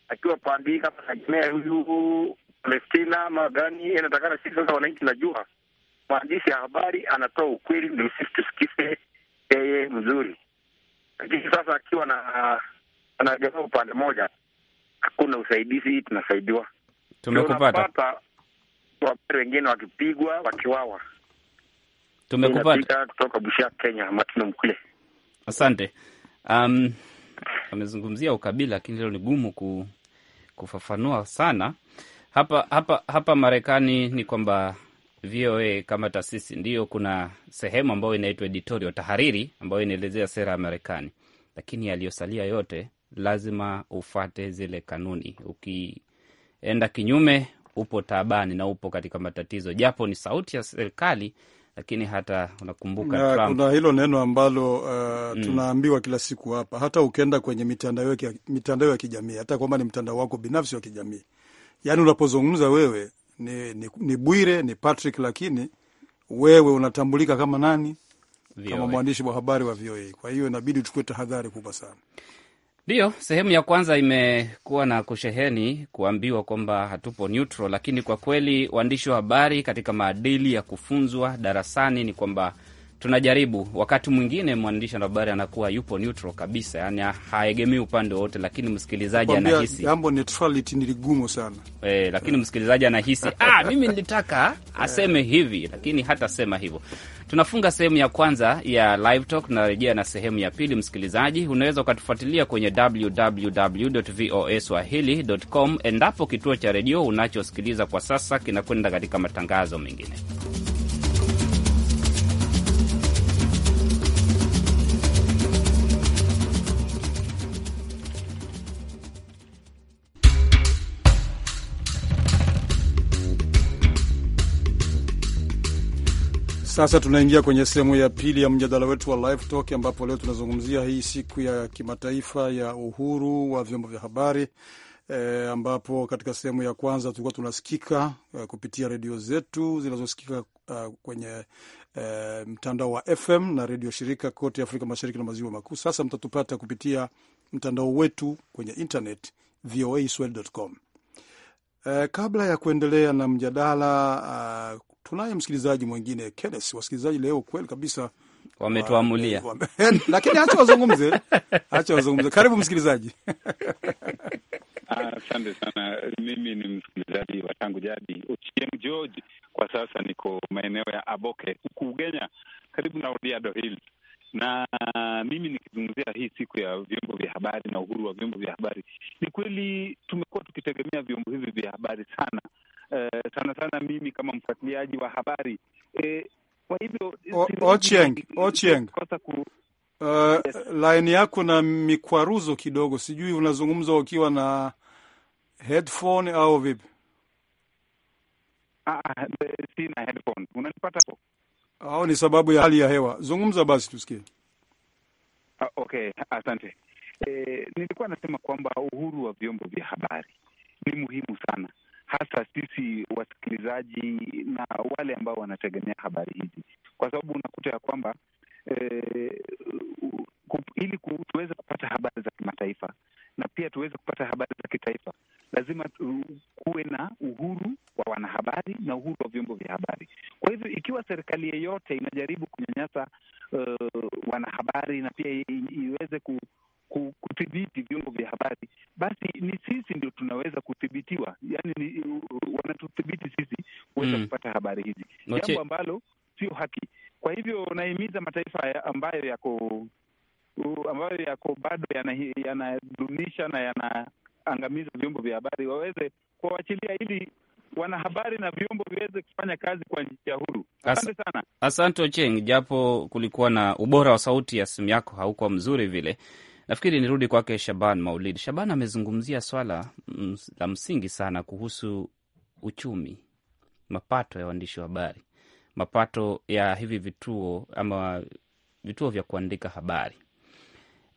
akiwa pande hii kama nagemea huyu Palestina magani inatakana sisi sasa wananchi najua mwandishi ya habari anatoa ukweli ndio sisi tusikize yeye mzuri lakini sasa akiwa na anagea upande moja, hakuna usaidizi, tunasaidiwa Tumekupata Wapare wengine wakipigwa, wakiwawa. Tumekupata kutoka Busia, Kenya. Matino Mkule, asante. Um, amezungumzia ukabila, lakini leo ni gumu ku, kufafanua sana hapa hapa hapa Marekani ni kwamba VOA kama taasisi, ndiyo kuna sehemu ambayo inaitwa editorial tahariri, ambayo inaelezea sera ya Marekani, lakini yaliyosalia yote lazima ufate zile kanuni. Ukienda kinyume, upo taabani na upo katika matatizo, japo ni sauti ya serikali lakini hata unakumbuka Trump, kuna hilo neno ambalo uh, mm, tunaambiwa kila siku hapa, hata ukienda kwenye mitandao ya kijamii, hata kwamba ni mtandao wako binafsi wa kijamii, yaani unapozungumza wewe ni, ni, ni Bwire ni Patrick, lakini wewe unatambulika kama nani? VOA. Kama mwandishi wa habari wa VOA. Kwa hiyo inabidi uchukue tahadhari kubwa sana. Ndiyo, sehemu ya kwanza imekuwa na kusheheni kuambiwa kwamba hatupo neutral, lakini kwa kweli waandishi wa habari katika maadili ya kufunzwa darasani ni kwamba tunajaribu wakati mwingine mwandishi wa habari anakuwa yupo neutral kabisa, yani haegemei upande wowote, lakini msikilizaji anahisi jambo neutrality ni ligumu sana e, lakini msikilizaji anahisi ah, mimi nilitaka aseme eh. hivi, lakini hata sema hivyo. Tunafunga sehemu ya kwanza ya live talk, tunarejea na sehemu ya pili. Msikilizaji, unaweza ukatufuatilia kwenye www.voaswahili.com endapo kituo cha redio unachosikiliza kwa sasa kinakwenda katika matangazo mengine. Sasa tunaingia kwenye sehemu ya pili ya mjadala wetu wa Live Talk, ambapo leo tunazungumzia hii siku ya kimataifa ya uhuru wa vyombo vya habari e, ambapo katika sehemu ya kwanza tulikuwa tunasikika e, kupitia redio zetu zinazosikika uh, kwenye e, mtandao wa FM na redio shirika kote Afrika Mashariki na Maziwa Makuu. Sasa mtatupata kupitia mtandao wetu kwenye internet voaswahili.com. Uh, e, kabla ya kuendelea na mjadala uh, Tunaye msikilizaji mwingine Kenes. Wasikilizaji leo kweli kabisa wametuamulia wa, lakini acha wazungumze, acha wazungumze. Karibu msikilizaji. Asante ah, sana. Mimi ni msikilizaji wa tangu jadi OCM George. Kwa sasa niko maeneo ya Aboke huku Ugenya, karibu na Oliado Hills, na mimi nikizungumzia hii siku ya vyombo vya habari na uhuru wa vyombo vya habari, ni kweli tumekuwa tukitegemea vyombo hivi vya habari sana Eh, sana sana mimi kama mfuatiliaji wa habari e, kwa hivyo Ochieng, Ochieng. Ku... Uh, yes. Laini yako na mikwaruzo kidogo, sijui unazungumza ukiwa na headphone au vipi? Ah, ah sina headphone. Unanipata hapo? Au ni sababu ya hali ya hewa? Zungumza basi tusikie. Ah, okay, asante. Eh, nilikuwa nasema kwamba uhuru wa vyombo vya habari ni muhimu sana hasa sisi wasikilizaji na wale ambao wanategemea habari hizi, kwa sababu unakuta ya kwamba eh, ili tuweze kupata habari za kimataifa na pia tuweze kupata habari za kitaifa, lazima kuwe na uhuru wa wanahabari na uhuru wa vyombo vya habari. Kwa hivyo ikiwa serikali yeyote inajaribu kunyanyasa uh, wanahabari na pia iweze kudhibiti vyombo vya habari, basi ni sisi ndio tunaweza kuthibitiwa, yani ni, wanatuthibiti sisi kuweza mm. kupata habari hizi, jambo ambalo sio haki. Kwa hivyo nahimiza mataifa ambayo yako ambayo yako bado yanadunisha na yanaangamiza vyombo vya habari waweze kuwawachilia ili wanahabari na vyombo viweze kufanya kazi kwa njia huru. Asante sana. Asante Ocheng, japo kulikuwa na ubora wa sauti ya simu yako haukuwa mzuri vile Nafikiri nirudi kwake Shaban Maulid. Shaban amezungumzia swala la msingi sana kuhusu uchumi, mapato ya waandishi wa habari, mapato ya hivi vituo ama vituo vya kuandika habari.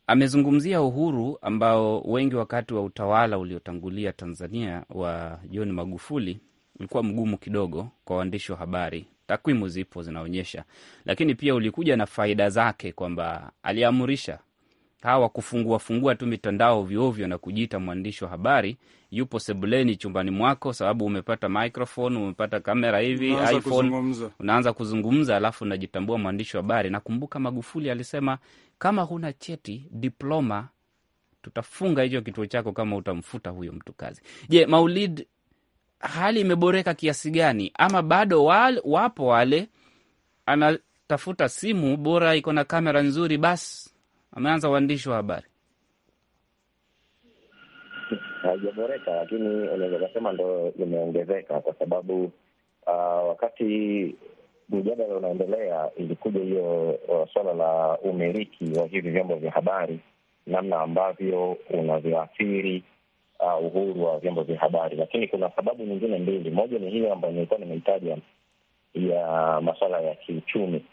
Amezungumzia uhuru ambao wengi wakati wa utawala uliotangulia Tanzania wa John Magufuli ulikuwa mgumu kidogo kwa waandishi wa habari, takwimu zipo zinaonyesha, lakini pia ulikuja na faida zake, kwamba aliamrisha hawa kufungua fungua tu mitandao ovyoovyo na kujiita mwandishi wa habari, yupo sebuleni chumbani mwako, sababu umepata microphone, umepata kamera hivi iPhone, Unaanza kuzungumza alafu unajitambua mwandishi wa habari. Nakumbuka Magufuli alisema kama huna cheti diploma, tutafunga hicho kituo chako kama utamfuta huyo mtu kazi. Je, Maulid, hali imeboreka kiasi gani, ama bado wale, wapo wale anatafuta simu bora iko na kamera nzuri basi ameanza uandishi wa habari haijaboreka, lakini unaweza kasema ndo imeongezeka kwa sababu uh, wakati mjadala unaendelea, ilikuja hiyo ah, suala la umiliki wa hivi vyombo vya habari, namna ambavyo unavyoathiri uh, uhuru wa vyombo vya habari. Lakini kuna sababu nyingine mbili. Moja ni hiyo ambayo nilikuwa nimehitaja ya masuala ya kiuchumi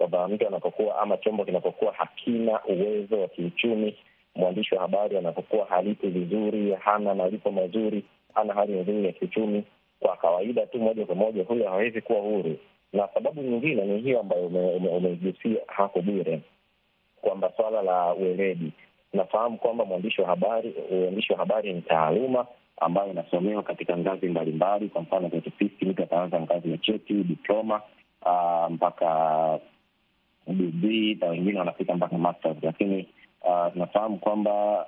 kwamba mtu anapokuwa ama chombo kinapokuwa hakina uwezo wa kiuchumi, mwandishi wa habari anapokuwa halipi vizuri, hana malipo mazuri, hana hali nzuri ya kiuchumi, kwa kawaida tu moja kwa moja huyo hawezi kuwa huru. Na sababu nyingine ni hiyo ambayo umeigusia ume, ume hapo bure kwamba swala la weledi Nafahamu kwamba mwandishi wa habari, uandishi wa habari ni taaluma ambayo inasomewa katika ngazi mbalimbali. Kwa mfano, katika mtu ataanza ngazi ya cheti, diploma ah, mpaka degree na wengine wanafika mpaka masters, lakini uh, tunafahamu uh, kwamba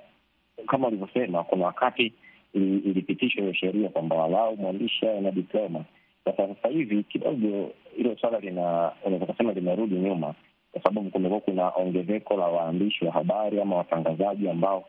kama ulivyosema, kuna wakati ilipitishwa hiyo sheria kwamba walau mwandishi awe na diploma. Sasa sasa hivi kidogo hilo swala lina unaweza kusema limerudi nyuma, kwa sababu kumekuwa kuna ongezeko la waandishi wa habari ama watangazaji ambao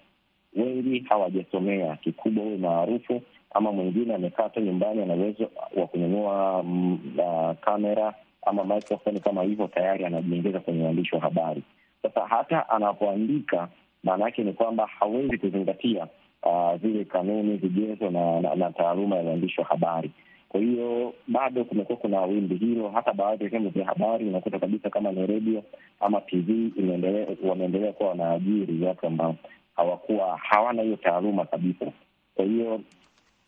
wengi hawajasomea kikubwa, huwe maarufu ama mwingine amekaa tu nyumbani, ana uwezo wa kununua mm, uh, kamera ama microphone kama hivyo, tayari anajiengeza kwenye uandishi wa habari. Sasa hata anapoandika, maana yake ni kwamba hawezi kuzingatia uh, zile kanuni, vigezo na, na, na taaluma ya uandishi wa habari. Kwa hiyo bado kumekuwa kuna wimbi hilo. Hata baadhi ya vyombo vya habari unakuta kabisa kama ni redio ama TV wameendelea kuwa wanaajiri watu ambao hawakuwa hawana hiyo taaluma kabisa. Kwa hiyo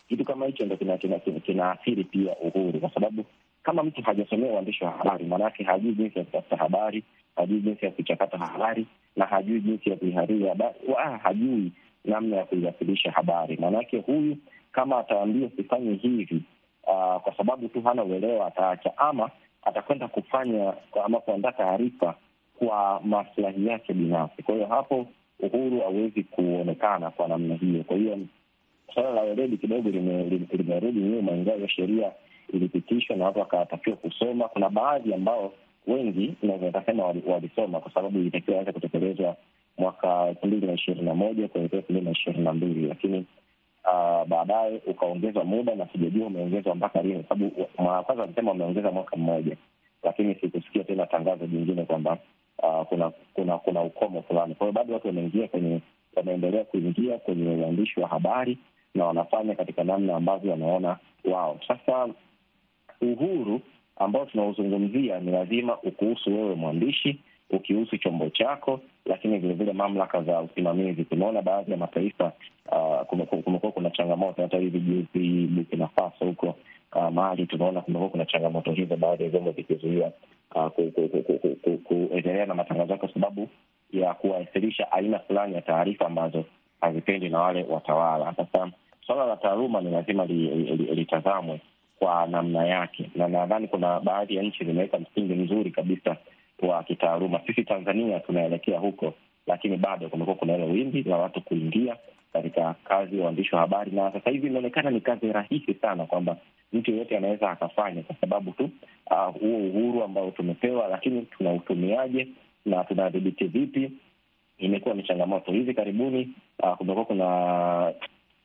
kitu kama hicho ndo kinaathiri kina, kina, kina pia uhuru, kwa sababu kama mtu hajasomea uandishi wa habari, maanake hajui jinsi ya kutafuta habari, hajui jinsi ya kuchakata habari na hajui jinsi ya kuihariri habari, ah, hajui namna ya kuiwasilisha habari. Maanake huyu kama ataambia sifanye hivi, uh, kwa sababu tu hana uelewa, ataacha ama atakwenda kufanya ama kuandaa taarifa kwa maslahi yake binafsi. Kwa hiyo hapo uhuru hauwezi kuonekana kwa namna hiyo. Kwa hiyo suala la weledi kidogo limerudi nyuma, ingawa sheria ilipitishwa na watu wakatakiwa kusoma. Kuna baadhi ambao wengi naweza nikasema walisoma kwa sababu ilitakiwa aweze kutekelezwa mwaka elfu mbili na ishirini na moja kuelekea elfu mbili na ishirini na mbili lakini uh, baadaye ukaongezwa muda na sijajua umeongezwa mpaka lini, kwa sababu mara kwanza walisema wameongeza mwaka mmoja, lakini sikusikia tena tangazo jingine kwamba uh, kuna kuna kuna ukomo fulani. Kwa hiyo bado watu wameingia kwenye wameendelea kuingia kwenye uandishi wa habari na wanafanya katika namna ambavyo wanaona wao. Sasa uhuru ambao tunauzungumzia ni lazima ukuhusu wewe mwandishi, ukihusu chombo chako, lakini vilevile mamlaka za usimamizi. Tumeona baadhi ya mataifa uh, kumekuwa kuna changamoto hata hivi juzi Burkina Faso huko uh, Mali, tumeona kumekuwa kuna changamoto hizo, baadhi ya vyombo vikizuia uh, kuendelea na matangazo yake kwa sababu ya kuwasilisha aina fulani ya taarifa ambazo hazipendi na wale watawala. Sasa swala la taaluma ni lazima litazamwe li, li, li, li, kwa namna yake, na nadhani kuna baadhi ya nchi zimeweka msingi mzuri kabisa wa kitaaluma. Sisi Tanzania tunaelekea huko, lakini bado kumekuwa kuna ile wimbi la watu kuingia katika kazi ya uandishi wa habari, na sasa hivi inaonekana ni kazi rahisi sana, kwamba mtu yeyote anaweza akafanya, kwa sababu tu ah, huo uh, uhuru ambao tumepewa, lakini tunautumiaje na tunadhibiti vipi? Imekuwa ni changamoto. Hivi karibuni uh, kumekuwa kuna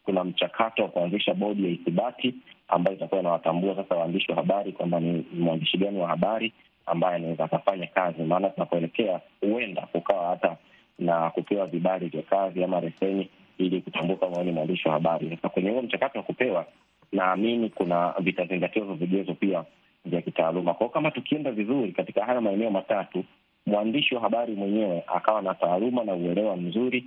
kuna mchakato wa kuanzisha bodi ya ithibati ambayo itakuwa inawatambua sasa waandishi wa habari kwamba ni mwandishi gani wa habari ambaye anaweza akafanya kazi, maana tunapoelekea huenda kukawa hata na kupewa vibali vya kazi ama leseni ili kutambua kama ni mwandishi wa habari. Sasa kwenye huo mchakato wa kupewa, naamini kuna vitazingatiwa vigezo pia vya kitaaluma kwao. Kama tukienda vizuri katika haya maeneo matatu, mwandishi wa habari mwenyewe akawa na taaluma na uelewa mzuri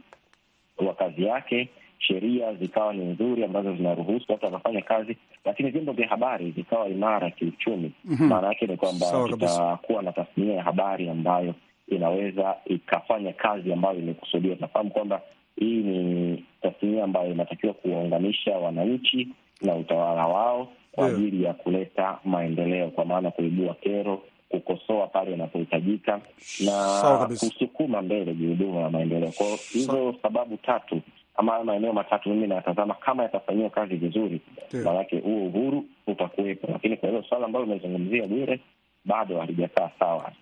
wa kazi yake sheria zikawa ni nzuri ambazo zinaruhusu watu wanafanya kazi, lakini vyombo vya habari vikawa imara kiuchumi. mm -hmm. Maana yake ni kwamba tutakuwa na tasnia ya habari ambayo inaweza ikafanya kazi ambayo imekusudiwa. Tunafahamu kwamba hii ni tasnia ambayo inatakiwa kuwaunganisha wananchi na utawala wao kwa yeah, ajili ya kuleta maendeleo, kwa maana kuibua kero kukosoa pale inapohitajika na kusukuma mbele gurudumu la maendeleo. Kwa hizo sababu tatu ama maeneo matatu mimi nayatazama kama yatafanyiwa kazi vizuri, maanake huo uhuru utakuwepo. Lakini kwa hilo swala ambalo umezungumzia Bwire, bado halijakaa sawa.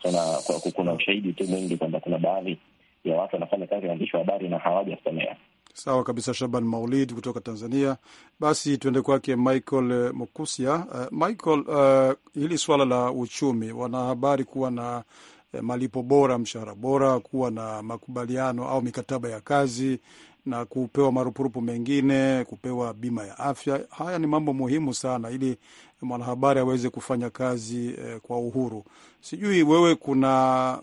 Kuna ushahidi tu mwingi kwamba kuna baadhi ya watu wanafanya kazi waandishi wa habari na hawajasomea. Sawa kabisa. Shaban Maulid kutoka Tanzania. Basi tuende kwake Michael eh, Mokusia. Uh, eh, Michael, uh, hili swala la uchumi, wanahabari kuwa na malipo bora, mshahara bora, kuwa na makubaliano au mikataba ya kazi na kupewa marupurupu mengine, kupewa bima ya afya. Haya ni mambo muhimu sana, ili mwanahabari aweze kufanya kazi eh, kwa uhuru. Sijui wewe, kuna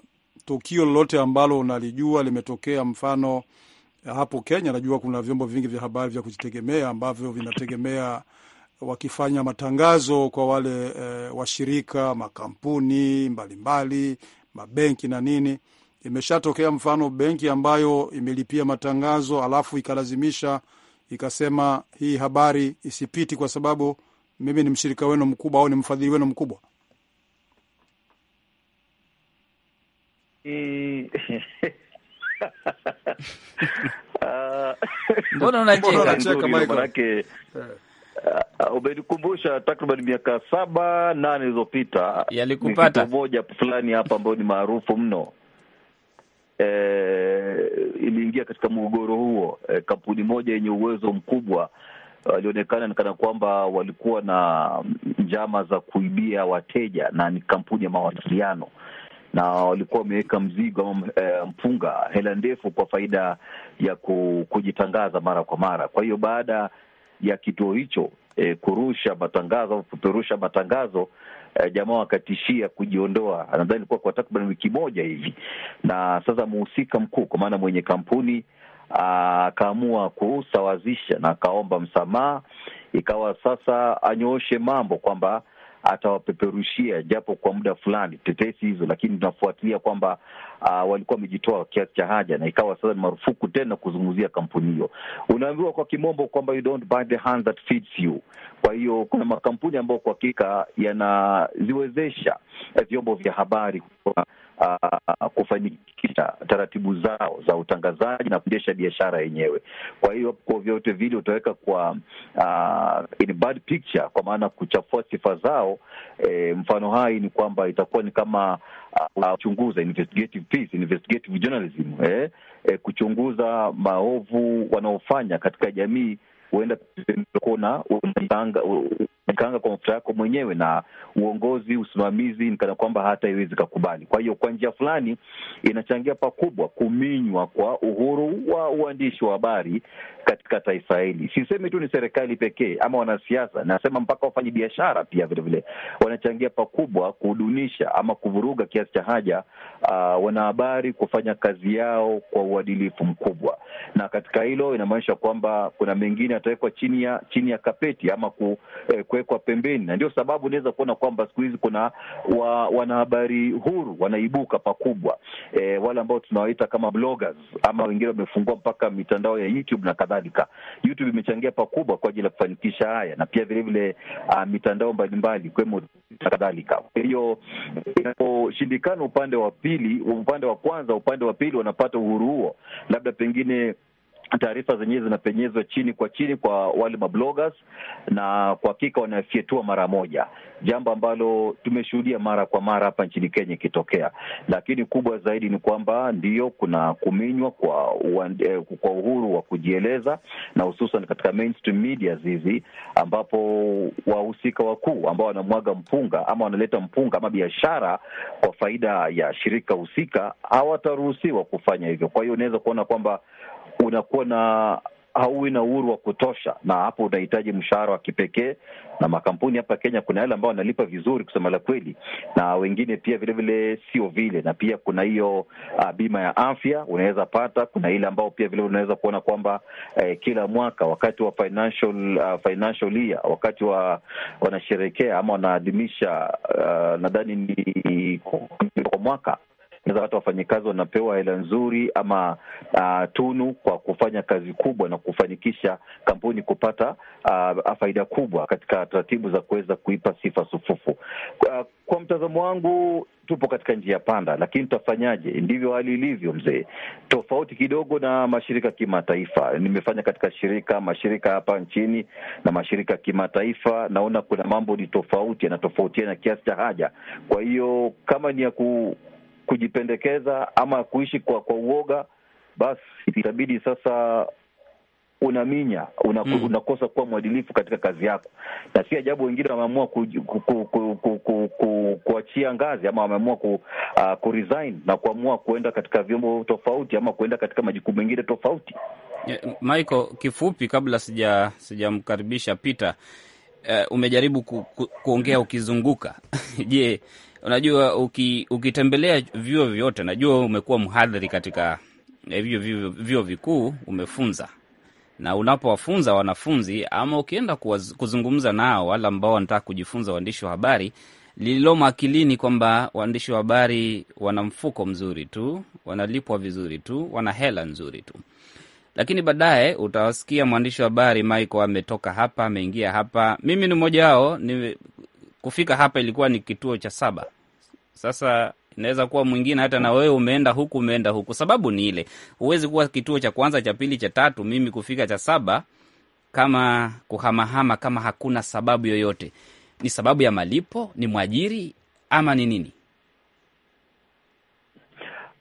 tukio lolote ambalo unalijua limetokea, mfano eh, hapo Kenya? Najua kuna vyombo vingi vya habari vya kujitegemea ambavyo vinategemea wakifanya matangazo kwa wale eh, washirika, makampuni mbalimbali mabenki na nini imeshatokea mfano benki ambayo imelipia matangazo alafu ikalazimisha ikasema hii habari isipiti kwa sababu mimi ni mshirika wenu mkubwa au ni mfadhili wenu mkubwa? Mbona eh. unacheka eh. uh, Umenikumbusha takriban miaka saba nane ilizopita, yalikupata moja fulani hapa ambayo ni maarufu mno eh, iliingia katika mgogoro huo. Eh, kampuni moja yenye uwezo mkubwa eh, walionekana ni kana kwamba walikuwa na njama za kuibia wateja, na ni kampuni ya mawasiliano, na walikuwa wameweka mzigo ama eh, mpunga, hela ndefu kwa faida ya kujitangaza mara kwa mara. Kwa hiyo baada ya kituo hicho eh, kurusha matangazo au kupeperusha matangazo eh, jamaa wakatishia kujiondoa, nadhani ilikuwa kwa takriban wiki moja hivi, na sasa mhusika mkuu kwa maana mwenye kampuni akaamua kusawazisha na akaomba msamaha, ikawa sasa anyooshe mambo kwamba atawapeperushia japo kwa muda fulani tetesi hizo, lakini tunafuatilia kwamba uh, walikuwa wamejitoa kiasi cha haja, na ikawa sasa ni marufuku tena kuzungumzia kampuni hiyo. Unaambiwa kwa kimombo kwamba you don't buy the hand that feeds you. Kwa hiyo kuna makampuni ambayo kwa hakika yanaziwezesha eh, vyombo vya habari kwa uh, kufanikisha taratibu zao za utangazaji na kuendesha biashara yenyewe. Kwa hiyo kwa vyote vile utaweka kwa uh, in bad picture, kwa maana kuchafua sifa zao. E, mfano hai ni kwamba itakuwa ni kama kuchunguza uh, investigative piece, investigative journalism eh, eh, kuchunguza maovu wanaofanya katika jamii huenda kona unajikaanga kwa mafuta yako mwenyewe, na uongozi usimamizi nikana kwamba hata iwezi kakubali. Kwa hiyo kwa njia fulani inachangia pakubwa kuminywa kwa uhuru wa uandishi wa habari katika taifa hili. Sisemi tu ni serikali pekee ama wanasiasa, nasema mpaka wafanya biashara pia vilevile wanachangia pakubwa kudunisha ama kuvuruga kiasi cha haja uh, wanahabari kufanya kazi yao kwa uadilifu mkubwa, na katika hilo inamaanisha kwamba kuna mengine yatawekwa chini ya chini ya kapeti ama ku, eh, kuwekwa pembeni, na ndio sababu unaweza kuona kwamba siku hizi kuna wa, wanahabari huru wanaibuka pakubwa, eh, wale ambao tunawaita kama bloggers ama wengine wamefungua mpaka mitandao ya YouTube na kadhalika kadhalika. YouTube imechangia pakubwa kwa ajili ya kufanikisha haya na pia vilevile uh, ah, mitandao mbalimbali ikiwemo kadhalika. Kwa hiyo inaposhindikana upande wa pili, upande wa kwanza, upande wa pili wanapata uhuru huo, labda pengine taarifa zenyewe zinapenyezwa chini kwa chini kwa wale mabloggers, na kwa hakika wanafyetua mara moja, jambo ambalo tumeshuhudia mara kwa mara hapa nchini Kenya ikitokea. Lakini kubwa zaidi ni kwamba ndiyo kuna kuminywa kwa uande, eh, kwa uhuru wa kujieleza na hususan katika mainstream hizi, ambapo wahusika wakuu ambao wanamwaga mpunga ama wanaleta mpunga ama biashara kwa faida ya shirika husika hawataruhusiwa kufanya hivyo. Kwa hiyo unaweza kuona kwamba unakuwa na hauwi na uhuru wa kutosha, na hapo unahitaji mshahara wa kipekee. Na makampuni hapa Kenya kuna yale ambao wanalipa vizuri kusema la kweli, na wengine pia vilevile sio vile. Na pia kuna hiyo uh, bima ya afya unaweza pata. Kuna ile ambao pia vilevile unaweza kuona kwamba eh, kila mwaka wakati wa financial, uh, financial year, wakati wa wanasherekea ama wanaadhimisha uh, nadhani ni kwa mwaka Naweza hata wafanyakazi wanapewa hela nzuri ama uh, tunu kwa kufanya kazi kubwa na kufanikisha kampuni kupata uh, faida kubwa katika taratibu za kuweza kuipa sifa sufufu. Kwa, ah, kwa mtazamo wangu tupo katika njia panda, lakini tutafanyaje? Ndivyo hali ilivyo mzee. Tofauti kidogo na mashirika kimataifa, nimefanya katika shirika mashirika hapa nchini na mashirika kimataifa, naona kuna mambo ni tofauti, yanatofautiana kiasi cha haja. Kwa hiyo kama ni ya ku kujipendekeza ama kuishi kwa, kwa uoga, basi itabidi sasa unaminya unaku, mm. unakosa kuwa mwadilifu katika kazi yako, na si ajabu wengine wameamua kuachia ngazi ama wameamua ku, uh, ku na kuamua kuenda katika vyombo tofauti ama kuenda katika majukumu mengine tofauti. Michael, kifupi kabla sija sijamkaribisha Peter, uh, umejaribu ku, ku, kuongea ukizunguka je Unajua, uki, ukitembelea vyuo vyote, najua umekuwa mhadhiri katika hivyo eh, vyuo vikuu, umefunza na unapowafunza wanafunzi ama ukienda kuzungumza nao wale ambao wanataka kujifunza waandishi wa habari, lililomo akilini kwamba waandishi wa habari wana mfuko mzuri tu, wanalipwa vizuri tu, wana hela nzuri tu. Lakini baadaye utawasikia mwandishi wa habari Michael ametoka hapa, ameingia hapa. Mimi ni mmoja wao, kufika hapa ilikuwa ni kituo cha saba. Sasa inaweza kuwa mwingine hata na wewe umeenda huku, umeenda huku, sababu ni ile, huwezi kuwa kituo cha kwanza, cha pili, cha tatu, mimi kufika cha saba kama kuhamahama, kama hakuna sababu yoyote. Ni sababu ya malipo, ni mwajiri ama ni nini?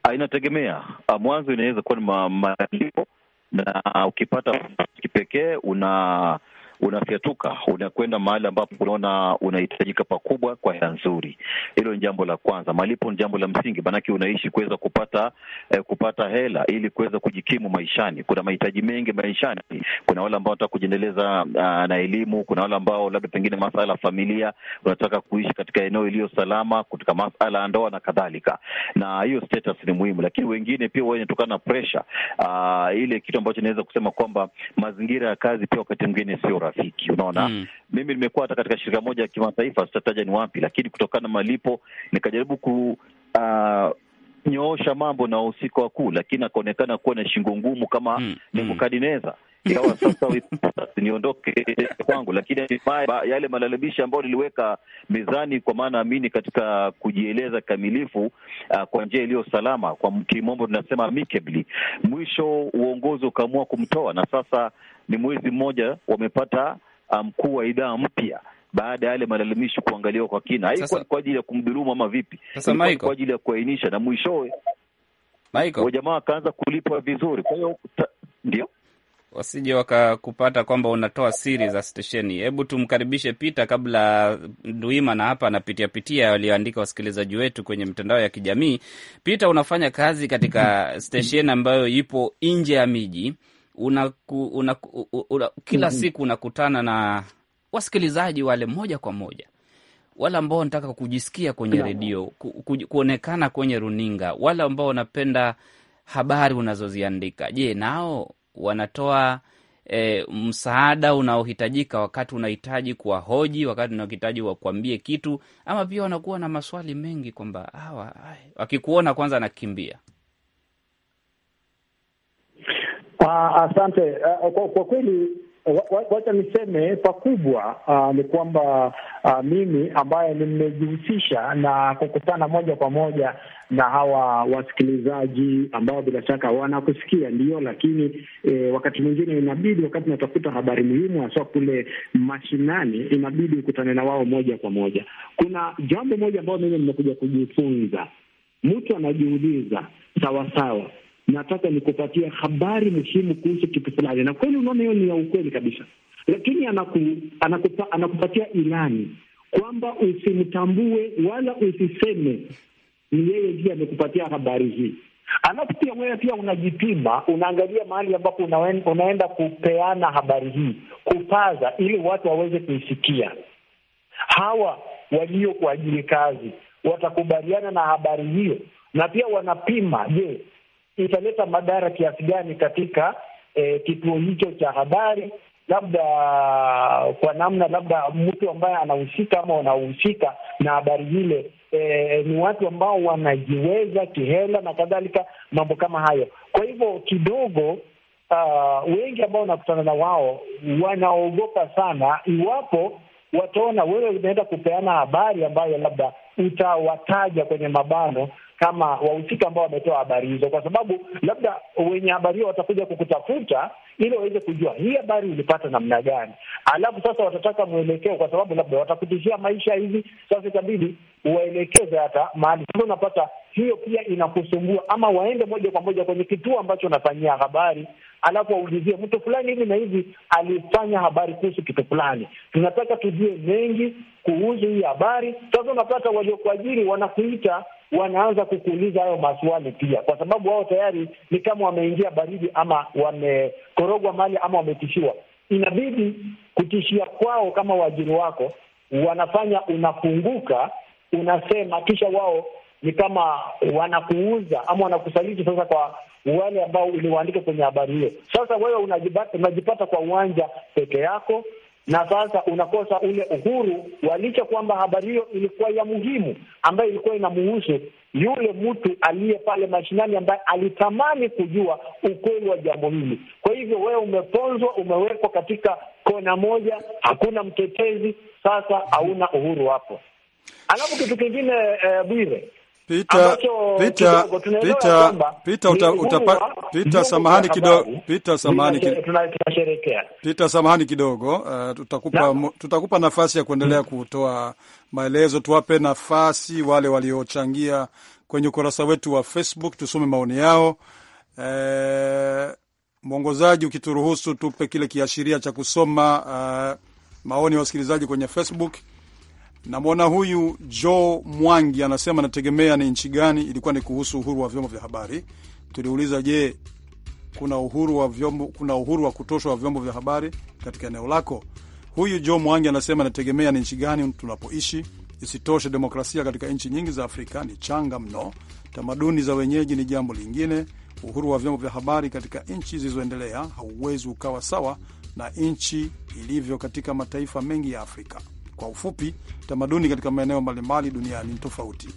Ah, inategemea. Ah, mwanzo inaweza kuwa ni malipo, na ukipata kipekee una unafyatuka, unakwenda mahali ambapo unaona unahitajika pakubwa kwa hela nzuri. Hilo ni jambo la kwanza. Malipo ni jambo la msingi, maanake unaishi kuweza kupata eh, kupata hela ili kuweza kujikimu maishani. Kuna mahitaji mengi maishani. Kuna wale ambao wanataka kujiendeleza uh, na elimu, kuna wale ambao labda pengine masala ya familia, unataka kuishi katika eneo iliyo salama, katika masala ya ndoa na kadhalika, na hiyo status ni muhimu, lakini wengine pia wanatokana na pressure, ah, ile kitu ambacho inaweza kusema kwamba mazingira ya kazi pia wakati mwingine sio rafiki. Unaona, mm. mimi nimekuwa hata katika shirika moja ya kimataifa, sitataja ni wapi, lakini kutokana na malipo nikajaribu ku uh, nyoosha mambo na wahusika wakuu, lakini akaonekana kuwa na shingo ngumu kama mm. Nebukadineza mm ikawa sasa niondoke kwangu, lakini hatimaye yale malalamishi ambayo niliweka mezani, kwa maana amini katika kujieleza kikamilifu uh, ah, kwa njia iliyo salama, kwa kimombo tunasema amicably, mwisho uongozi ukaamua kumtoa, na sasa ni mwezi mmoja wamepata ah, mkuu um, wa idaa mpya baada ya yale malalamishi kuangaliwa kwa kina. Haikuwa kwa ajili ya kumdhulumu ama vipi, kwa ajili ya kuainisha, na mwishowe wajamaa akaanza kulipwa vizuri. Kwa hiyo ndio wasije wakakupata kwamba unatoa siri za stesheni. Hebu tumkaribishe Pita kabla Nduima na hapa anapitiapitia walioandika wasikilizaji wetu kwenye mitandao ya kijamii. Pita, unafanya kazi katika stesheni ambayo ipo nje ya miji, una, una, una, kila mm-hmm. siku unakutana na wasikilizaji wale moja kwa moja wale ambao wanataka kujisikia kwenye redio ku, ku, kuonekana kwenye runinga, wale ambao wanapenda habari unazoziandika. Je, nao wanatoa e, msaada unaohitajika wakati unahitaji kuwahoji, wakati unahitaji wakuambie kitu, ama pia wanakuwa na maswali mengi kwamba hawa wakikuona kwanza anakimbia. Ah, asante ah, kwa, kwa kweli wacha niseme pakubwa uh, ni kwamba uh, mimi ambaye nimejihusisha na kukutana moja kwa moja na hawa wasikilizaji ambao bila shaka wanakusikia ndio, lakini eh, wakati mwingine inabidi, wakati natafuta habari muhimu haswa kule mashinani, inabidi ukutane na wao moja kwa moja. Kuna jambo moja ambayo mimi nimekuja kujifunza, mtu anajiuliza sawasawa nataka nikupatie habari muhimu kuhusu kitu fulani, na kweli unaona hiyo ni ya ukweli kabisa, lakini anaku, anakupa, anakupatia ilani kwamba usimtambue wala usiseme ni yeye ndiye amekupatia habari hii. Alafu pia wewe pia unajipima, unaangalia mahali ambapo unaenda kupeana habari hii, kupaza, ili watu waweze kuisikia. Hawa walio kwa ajili kazi watakubaliana na habari hiyo, na pia wanapima, je, italeta madhara kiasi gani katika eh, kituo hicho cha habari, labda kwa namna labda mtu ambaye anahusika ama wanahusika na habari ile e, ni watu ambao wanajiweza kihela na kadhalika, mambo kama hayo. Kwa hivyo kidogo Uh, wengi ambao wanakutana na wao wanaogopa sana, iwapo wataona wewe unaenda kupeana habari ambayo labda utawataja kwenye mabano kama wahusika ambao wametoa habari hizo, kwa sababu labda wenye habari hiyo watakuja kukutafuta ili waweze kujua hii habari ulipata namna gani, alafu sasa watataka mwelekeo, kwa sababu labda watakutishia maisha hivi. Sasa itabidi uwaelekeze hata mahali unapata hiyo, pia inakusumbua, ama waende moja kwa moja kwenye kituo ambacho unafanyia habari alafu waulizie mtu fulani hivi na hivi alifanya habari kuhusu kitu fulani, tunataka tujue mengi kuhusu hii habari. Sasa unapata waliokuajiri wanakuita wanaanza kukuuliza hayo maswali pia, kwa sababu wao tayari ni kama wameingia baridi ama wamekorogwa mali ama wametishiwa. Inabidi kutishia kwao kama waajiri wako wanafanya unafunguka, unasema, kisha wao ni kama wanakuuza ama wanakusaliti sasa kwa wale ambao uliwaandika kwenye habari hiyo. Sasa wewe unajipata, unajipata kwa uwanja peke yako, na sasa unakosa ule uhuru wa licha kwamba habari hiyo ilikuwa ya muhimu, ambayo ilikuwa inamuhusu yule mtu aliye pale mashinani, ambaye alitamani kujua ukweli wa jambo hili. Kwa hivyo wewe umeponzwa, umewekwa katika kona moja, hakuna mtetezi, sasa hauna uhuru hapo. Alafu kitu kingine eh, Bwire Pita, pita, pita, pita, utapa, pita, samahani kidogo, pita, samahani kidogo, pita, samahani kidogo. Uh, tutakupa na, tutakupa nafasi ya kuendelea mm. kutoa maelezo. Tuwape nafasi wale waliochangia kwenye ukurasa wetu wa Facebook, tusome maoni yao. Uh, mwongozaji, ukituruhusu tupe kile kiashiria cha kusoma uh, maoni ya wasikilizaji kwenye Facebook. Namwona huyu Joe Mwangi anasema nategemea ni nchi gani. Ilikuwa ni kuhusu uhuru wa vyombo vya habari. Tuliuliza, je, kuna uhuru wa vyombo, kuna uhuru wa kutosha wa vyombo vya habari katika eneo lako? Huyu Joe Mwangi anasema nategemea ni nchi gani tunapoishi. Isitoshe, demokrasia katika nchi nyingi za Afrika ni changa mno. Tamaduni za wenyeji ni jambo lingine. Uhuru wa vyombo vya habari katika nchi zilizoendelea hauwezi ukawa sawa na nchi ilivyo katika mataifa mengi ya Afrika. Kwa ufupi, tamaduni katika maeneo mbalimbali duniani ni tofauti.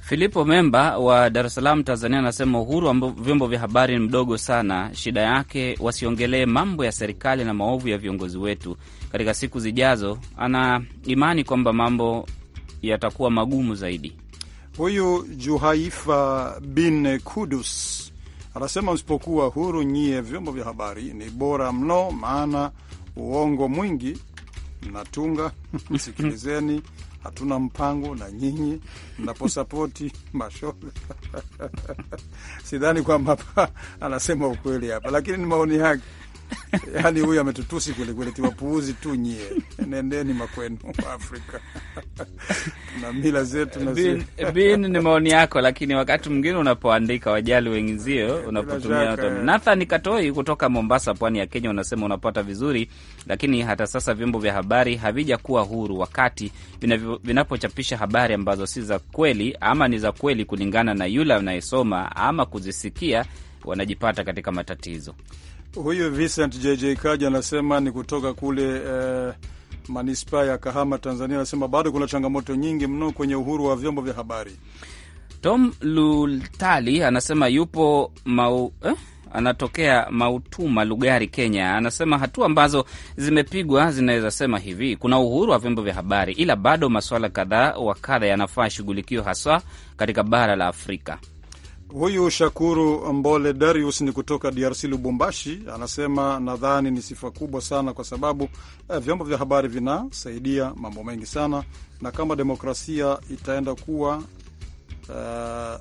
Filipo Memba wa Dar es Salaam, Tanzania, anasema uhuru wa vyombo vya habari ni mdogo sana. Shida yake wasiongelee mambo ya serikali na maovu ya viongozi wetu katika siku zijazo. Ana imani kwamba mambo yatakuwa magumu zaidi. Huyu Juhaifa bin Kudus anasema msipokuwa huru nyie vyombo vya habari ni bora mno, maana uongo mwingi mnatunga msikilizeni hatuna mpango na nyinyi mnaposapoti mashole sidhani kwamba anasema ukweli hapa, lakini ni maoni yake. yani huyu ametutusi kwelikweli, tiwapuuzi tu nyie, nendeni makwenu Afrika na mila zetu bin, bin ni maoni yako, lakini wakati mwingine unapoandika wajali wengizio, unapotumia eh. Nathan Katoi kutoka Mombasa, pwani ya Kenya, unasema unapata vizuri, lakini hata sasa vyombo vya habari havija kuwa huru wakati vinapochapisha habari ambazo si za kweli ama ni za kweli kulingana na yule anayesoma ama kuzisikia, wanajipata katika matatizo. Huyu Vincent JJ Kaji anasema ni kutoka kule eh, manispaa ya Kahama, Tanzania. Anasema bado kuna changamoto nyingi mno kwenye uhuru wa vyombo vya habari. Tom Lultali anasema yupo mau, eh? anatokea Mautuma, Lugari, Kenya. Anasema hatua ambazo zimepigwa zinaweza sema hivi, kuna uhuru wa vyombo vya habari, ila bado maswala kadhaa wa kadha yanafaa shughulikiwa, haswa katika bara la Afrika. Huyu Shakuru Mbole Darius ni kutoka DRC, Lubumbashi, anasema nadhani ni sifa kubwa sana kwa sababu eh, vyombo vya habari vinasaidia mambo mengi sana, na kama demokrasia itaenda kuwa eh,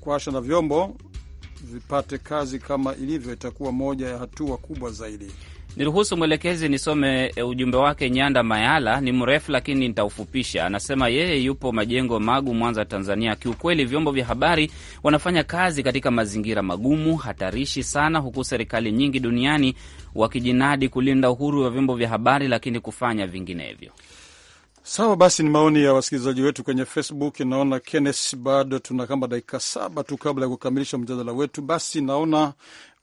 kuasha na vyombo vipate kazi kama ilivyo, itakuwa moja ya hatua kubwa zaidi. Niruhusu mwelekezi nisome eh, ujumbe wake. Nyanda Mayala ni mrefu lakini nitaufupisha. Anasema yeye yupo Majengo, Magu, Mwanza, Tanzania. Kiukweli vyombo vya habari wanafanya kazi katika mazingira magumu, hatarishi sana, huku serikali nyingi duniani wakijinadi kulinda uhuru wa vyombo vya habari, lakini kufanya vinginevyo Sawa basi, ni maoni ya wasikilizaji wetu kwenye Facebook. Naona Kennes, bado tuna kama dakika saba tu kabla ya kukamilisha mjadala wetu. Basi naona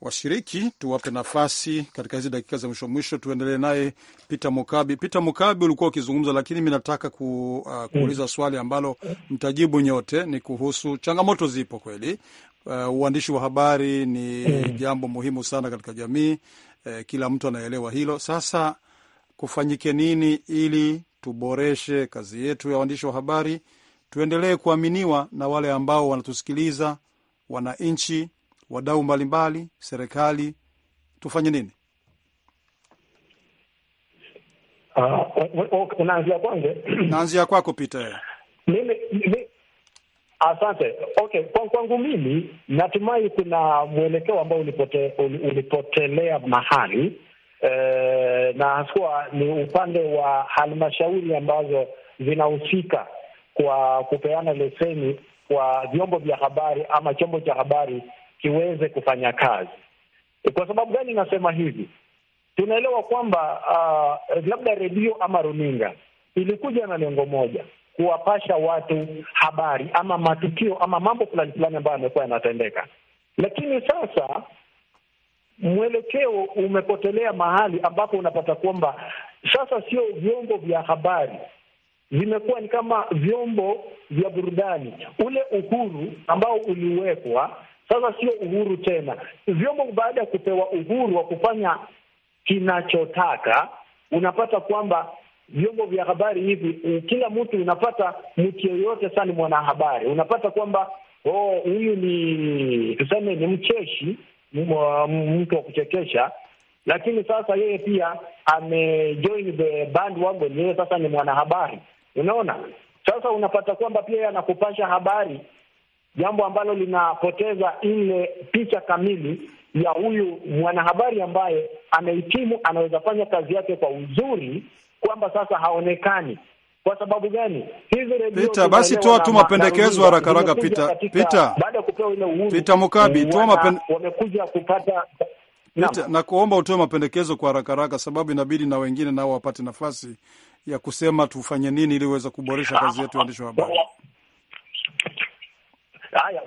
washiriki tuwape nafasi katika hizi dakika za mwisho mwisho. Tuendelee naye Peter Mukabi. Peter Mukabi, ulikuwa ukizungumza, lakini mi nataka ku, uh, kuuliza mm. swali ambalo mtajibu nyote, ni kuhusu changamoto zipo kweli. Uh, uandishi wa habari ni mm. jambo muhimu sana katika jamii. Uh, kila mtu anaelewa hilo. Sasa kufanyike nini ili tuboreshe kazi yetu ya waandishi wa habari, tuendelee kuaminiwa na wale ambao wanatusikiliza, wananchi, wadau mbalimbali, serikali. Tufanye nini? Uh, unaanzia Naanzia kwako Peter. Mimi asante. Okay, kwangu mimi natumai kuna mwelekeo ambao ulipote, ulipotelea mahali Eh, na haswa ni upande wa halmashauri ambazo zinahusika kwa kupeana leseni kwa vyombo vya habari ama chombo cha habari kiweze kufanya kazi. Eh, kwa sababu gani nasema hivi? Tunaelewa kwamba uh, labda redio ama runinga ilikuja na lengo moja, kuwapasha watu habari ama matukio ama mambo fulani fulani ambayo yamekuwa yanatendeka, lakini sasa mwelekeo umepotelea mahali ambapo unapata kwamba sasa sio vyombo vya habari vimekuwa ni kama vyombo vya burudani. Ule uhuru ambao uliwekwa sasa sio uhuru tena. Vyombo baada ya kupewa uhuru wa kufanya kinachotaka, unapata kwamba vyombo vya habari hivi, kila mtu unapata, mtu yeyote sasa ni mwanahabari. Unapata kwamba oh, huyu ni tuseme ni mcheshi mtu wa kuchekesha, lakini sasa yeye pia amejoin the bandwagon. Yeye sasa ni mwanahabari, unaona. Sasa unapata kwamba pia yeye anakupasha habari, jambo ambalo linapoteza ile picha kamili ya huyu mwanahabari ambaye amehitimu, anaweza fanya kazi yake kwa uzuri, kwamba sasa haonekani kwa sababu gani hizo redio Pita? Basi toa tu mapendekezo haraka haraka, Pita Pita, baada ya kupewa ile uhuru Pita Mukabi, toa mapendekezo. Wamekuja kupata Pita, na kuomba utoe mapendekezo kwa haraka haraka, sababu inabidi na wengine nao wapate nafasi ya kusema tufanye nini ili uweze kuboresha kazi yetu ya waandishi wa habari. Haya,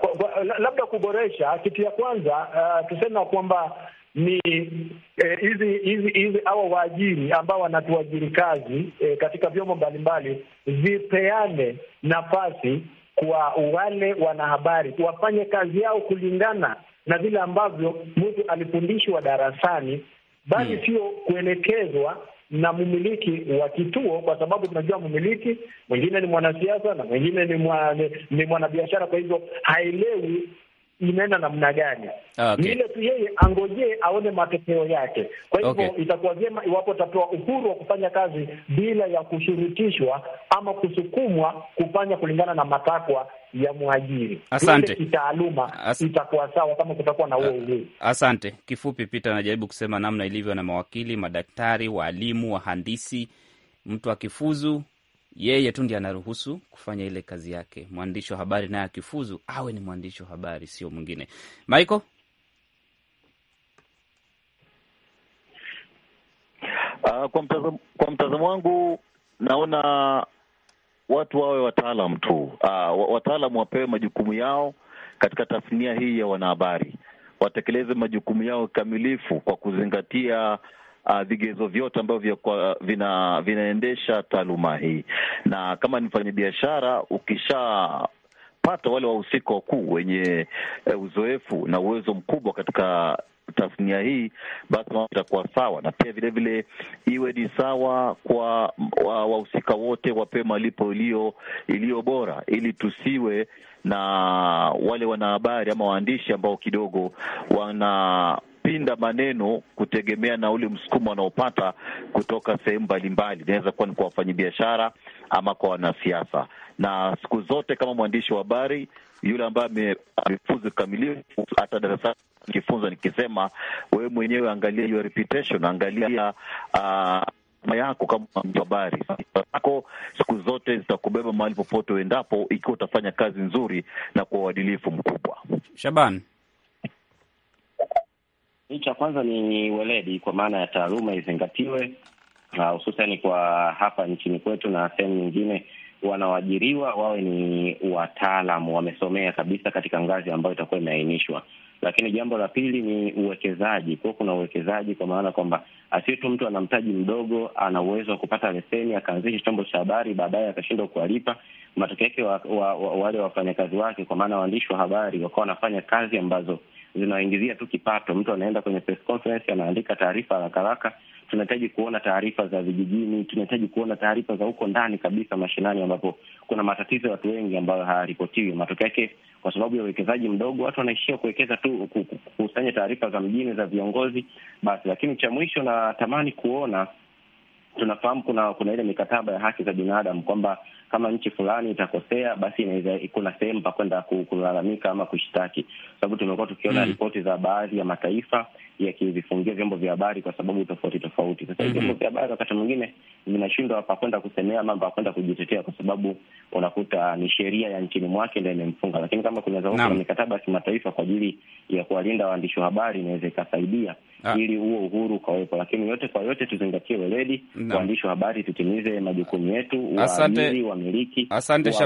labda kuboresha kitu ya kwanza, uh, tuseme kwamba ni hizi eh, hizi hizi hawa waajiri ambao wanatuajiri kazi eh, katika vyombo mbalimbali zipeane nafasi kwa wale wanahabari wafanye kazi yao kulingana na vile ambavyo mtu alifundishwa darasani, bali hmm, sio kuelekezwa na mmiliki wa kituo, kwa sababu tunajua mmiliki mwingine ni mwanasiasa na mwingine ni, ni, ni mwanabiashara. Kwa hivyo haelewi inaenda namna gani. Ah, okay. Ni ile tu yeye angojee aone matokeo yake. Kwa hivyo okay, itakuwa vyema iwapo atapewa uhuru wa kufanya kazi bila ya kushurutishwa ama kusukumwa kufanya kulingana na matakwa ya mwajiri. Asante. Kitaaluma itakuwa sawa kama kutakuwa na huo ah, uhuru. Asante. Kifupi, Peter anajaribu kusema namna ilivyo na mawakili, madaktari, waalimu, wahandisi, mtu akifuzu yeye tu ndi anaruhusu kufanya ile kazi yake. Mwandishi wa habari naye akifuzu awe ni mwandishi wa habari, sio mwingine. Michael uh, kwa mtazamo kwa mtazamo wangu naona watu wawe wataalam tu. Uh, ah, wataalam wapewe majukumu yao katika tasnia hii ya wanahabari, watekeleze majukumu yao kikamilifu kwa kuzingatia uh, vigezo vyote ambavyo vina, vinaendesha taaluma hii, na kama ni mfanyabiashara ukisha pata wale wahusika wakuu wenye eh, uzoefu na uwezo mkubwa katika tasnia hii, basi mambo itakuwa sawa, na pia vilevile iwe ni sawa kwa wahusika wote, wapewe malipo iliyo iliyo bora, ili tusiwe na wale wanahabari ama waandishi ambao kidogo wana kupinda maneno kutegemea na ule msukumo wanaopata kutoka sehemu mbalimbali. Inaweza kuwa ni kwa wafanyabiashara ama kwa wanasiasa, na siku zote kama mwandishi wa habari yule ambaye amefunza kikamilifu hata darasa nikifunza nikisema, wewe mwenyewe angalia your reputation, angalia uh, yako kama habari ako siku zote zitakubeba mahali popote uendapo, ikiwa utafanya kazi nzuri na kwa uadilifu mkubwa. Shaban cha kwanza ni weledi, kwa maana ya taaluma izingatiwe, hususani kwa hapa nchini kwetu na sehemu nyingine wanaoajiriwa wawe ni wataalamu wamesomea kabisa katika ngazi ambayo itakuwa imeainishwa. Lakini jambo la pili ni uwekezaji, kuwa kuna uwekezaji, kwa maana kwamba asiwe tu mtu ana mtaji mdogo, ana uwezo wa kupata leseni, akaanzisha chombo cha habari, baadaye akashindwa kuwalipa, matokeo yake wa, wa, wa, wale wafanyakazi wake, kwa maana waandishi wa habari, wakawa wanafanya kazi ambazo zinaingizia tu kipato. Mtu anaenda kwenye press conference, anaandika taarifa haraka haraka. Tunahitaji kuona taarifa za vijijini, tunahitaji kuona taarifa za huko ndani kabisa mashinani, ambapo kuna matatizo ya watu wengi ambayo hayaripotiwi. Matokeo yake, kwa sababu ya uwekezaji mdogo, watu wanaishia kuwekeza tu kukusanya taarifa za mjini za viongozi basi. Lakini cha mwisho, natamani kuona tunafahamu kuna kuna ile mikataba ya haki za binadamu kwamba kama nchi fulani itakosea, basi inaweza kuna sehemu pa kwenda kulalamika ama kushtaki, sababu tumekuwa tukiona mm, ripoti za baadhi ya mataifa yakivifungia vyombo vya habari kwa sababu tofauti tofauti. Sasa hivi hmm. vyombo vya habari wakati mwingine vinashindwa pa kwenda kusemea mambo, pa kwenda kujitetea, kwa sababu unakuta ni sheria ya nchini mwake ndo imemfunga, lakini kama kunaweza kuwa mikataba ya kimataifa kwa ajili ya kuwalinda waandishi wa habari inaweza ikasaidia ah, ili huo uhuru ukawepo, lakini yote kwa yote tuzingatie weledi, waandishi wa habari, tutimize majukumu yetu, waamiri, wamiliki,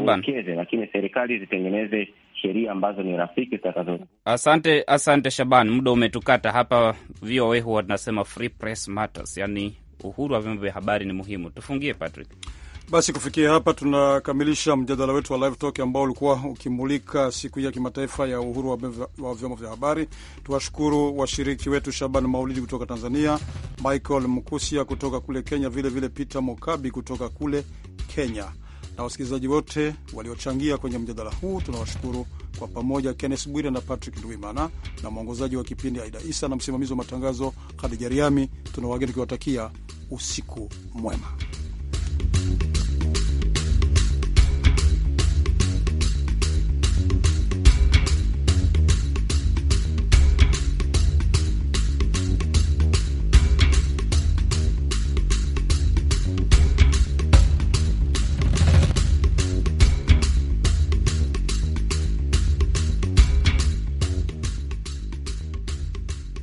wawekeze, lakini serikali zitengeneze sheria ambazo ni rafiki zitakazo. Asante, asante Shaban, muda umetukata hapa. VOA huwa tunasema free press matters, yani uhuru wa vyombo vya habari ni muhimu. Tufungie Patrick. Basi kufikia hapa tunakamilisha mjadala wetu wa Live Talk ambao ulikuwa ukimulika siku hii ya kimataifa ya uhuru wa vyombo vya habari. Tuwashukuru washiriki wetu Shaban Maulidi kutoka Tanzania, Michael Mkusia kutoka kule Kenya, vilevile vile Peter Mokabi kutoka kule Kenya na wasikilizaji wote waliochangia kwenye mjadala huu tunawashukuru kwa pamoja. Kennes Bwire na Patrick Ndwimana na mwongozaji wa kipindi Aida Isa na msimamizi wa matangazo Khadija Riami, tunawageni tukiwatakia usiku mwema.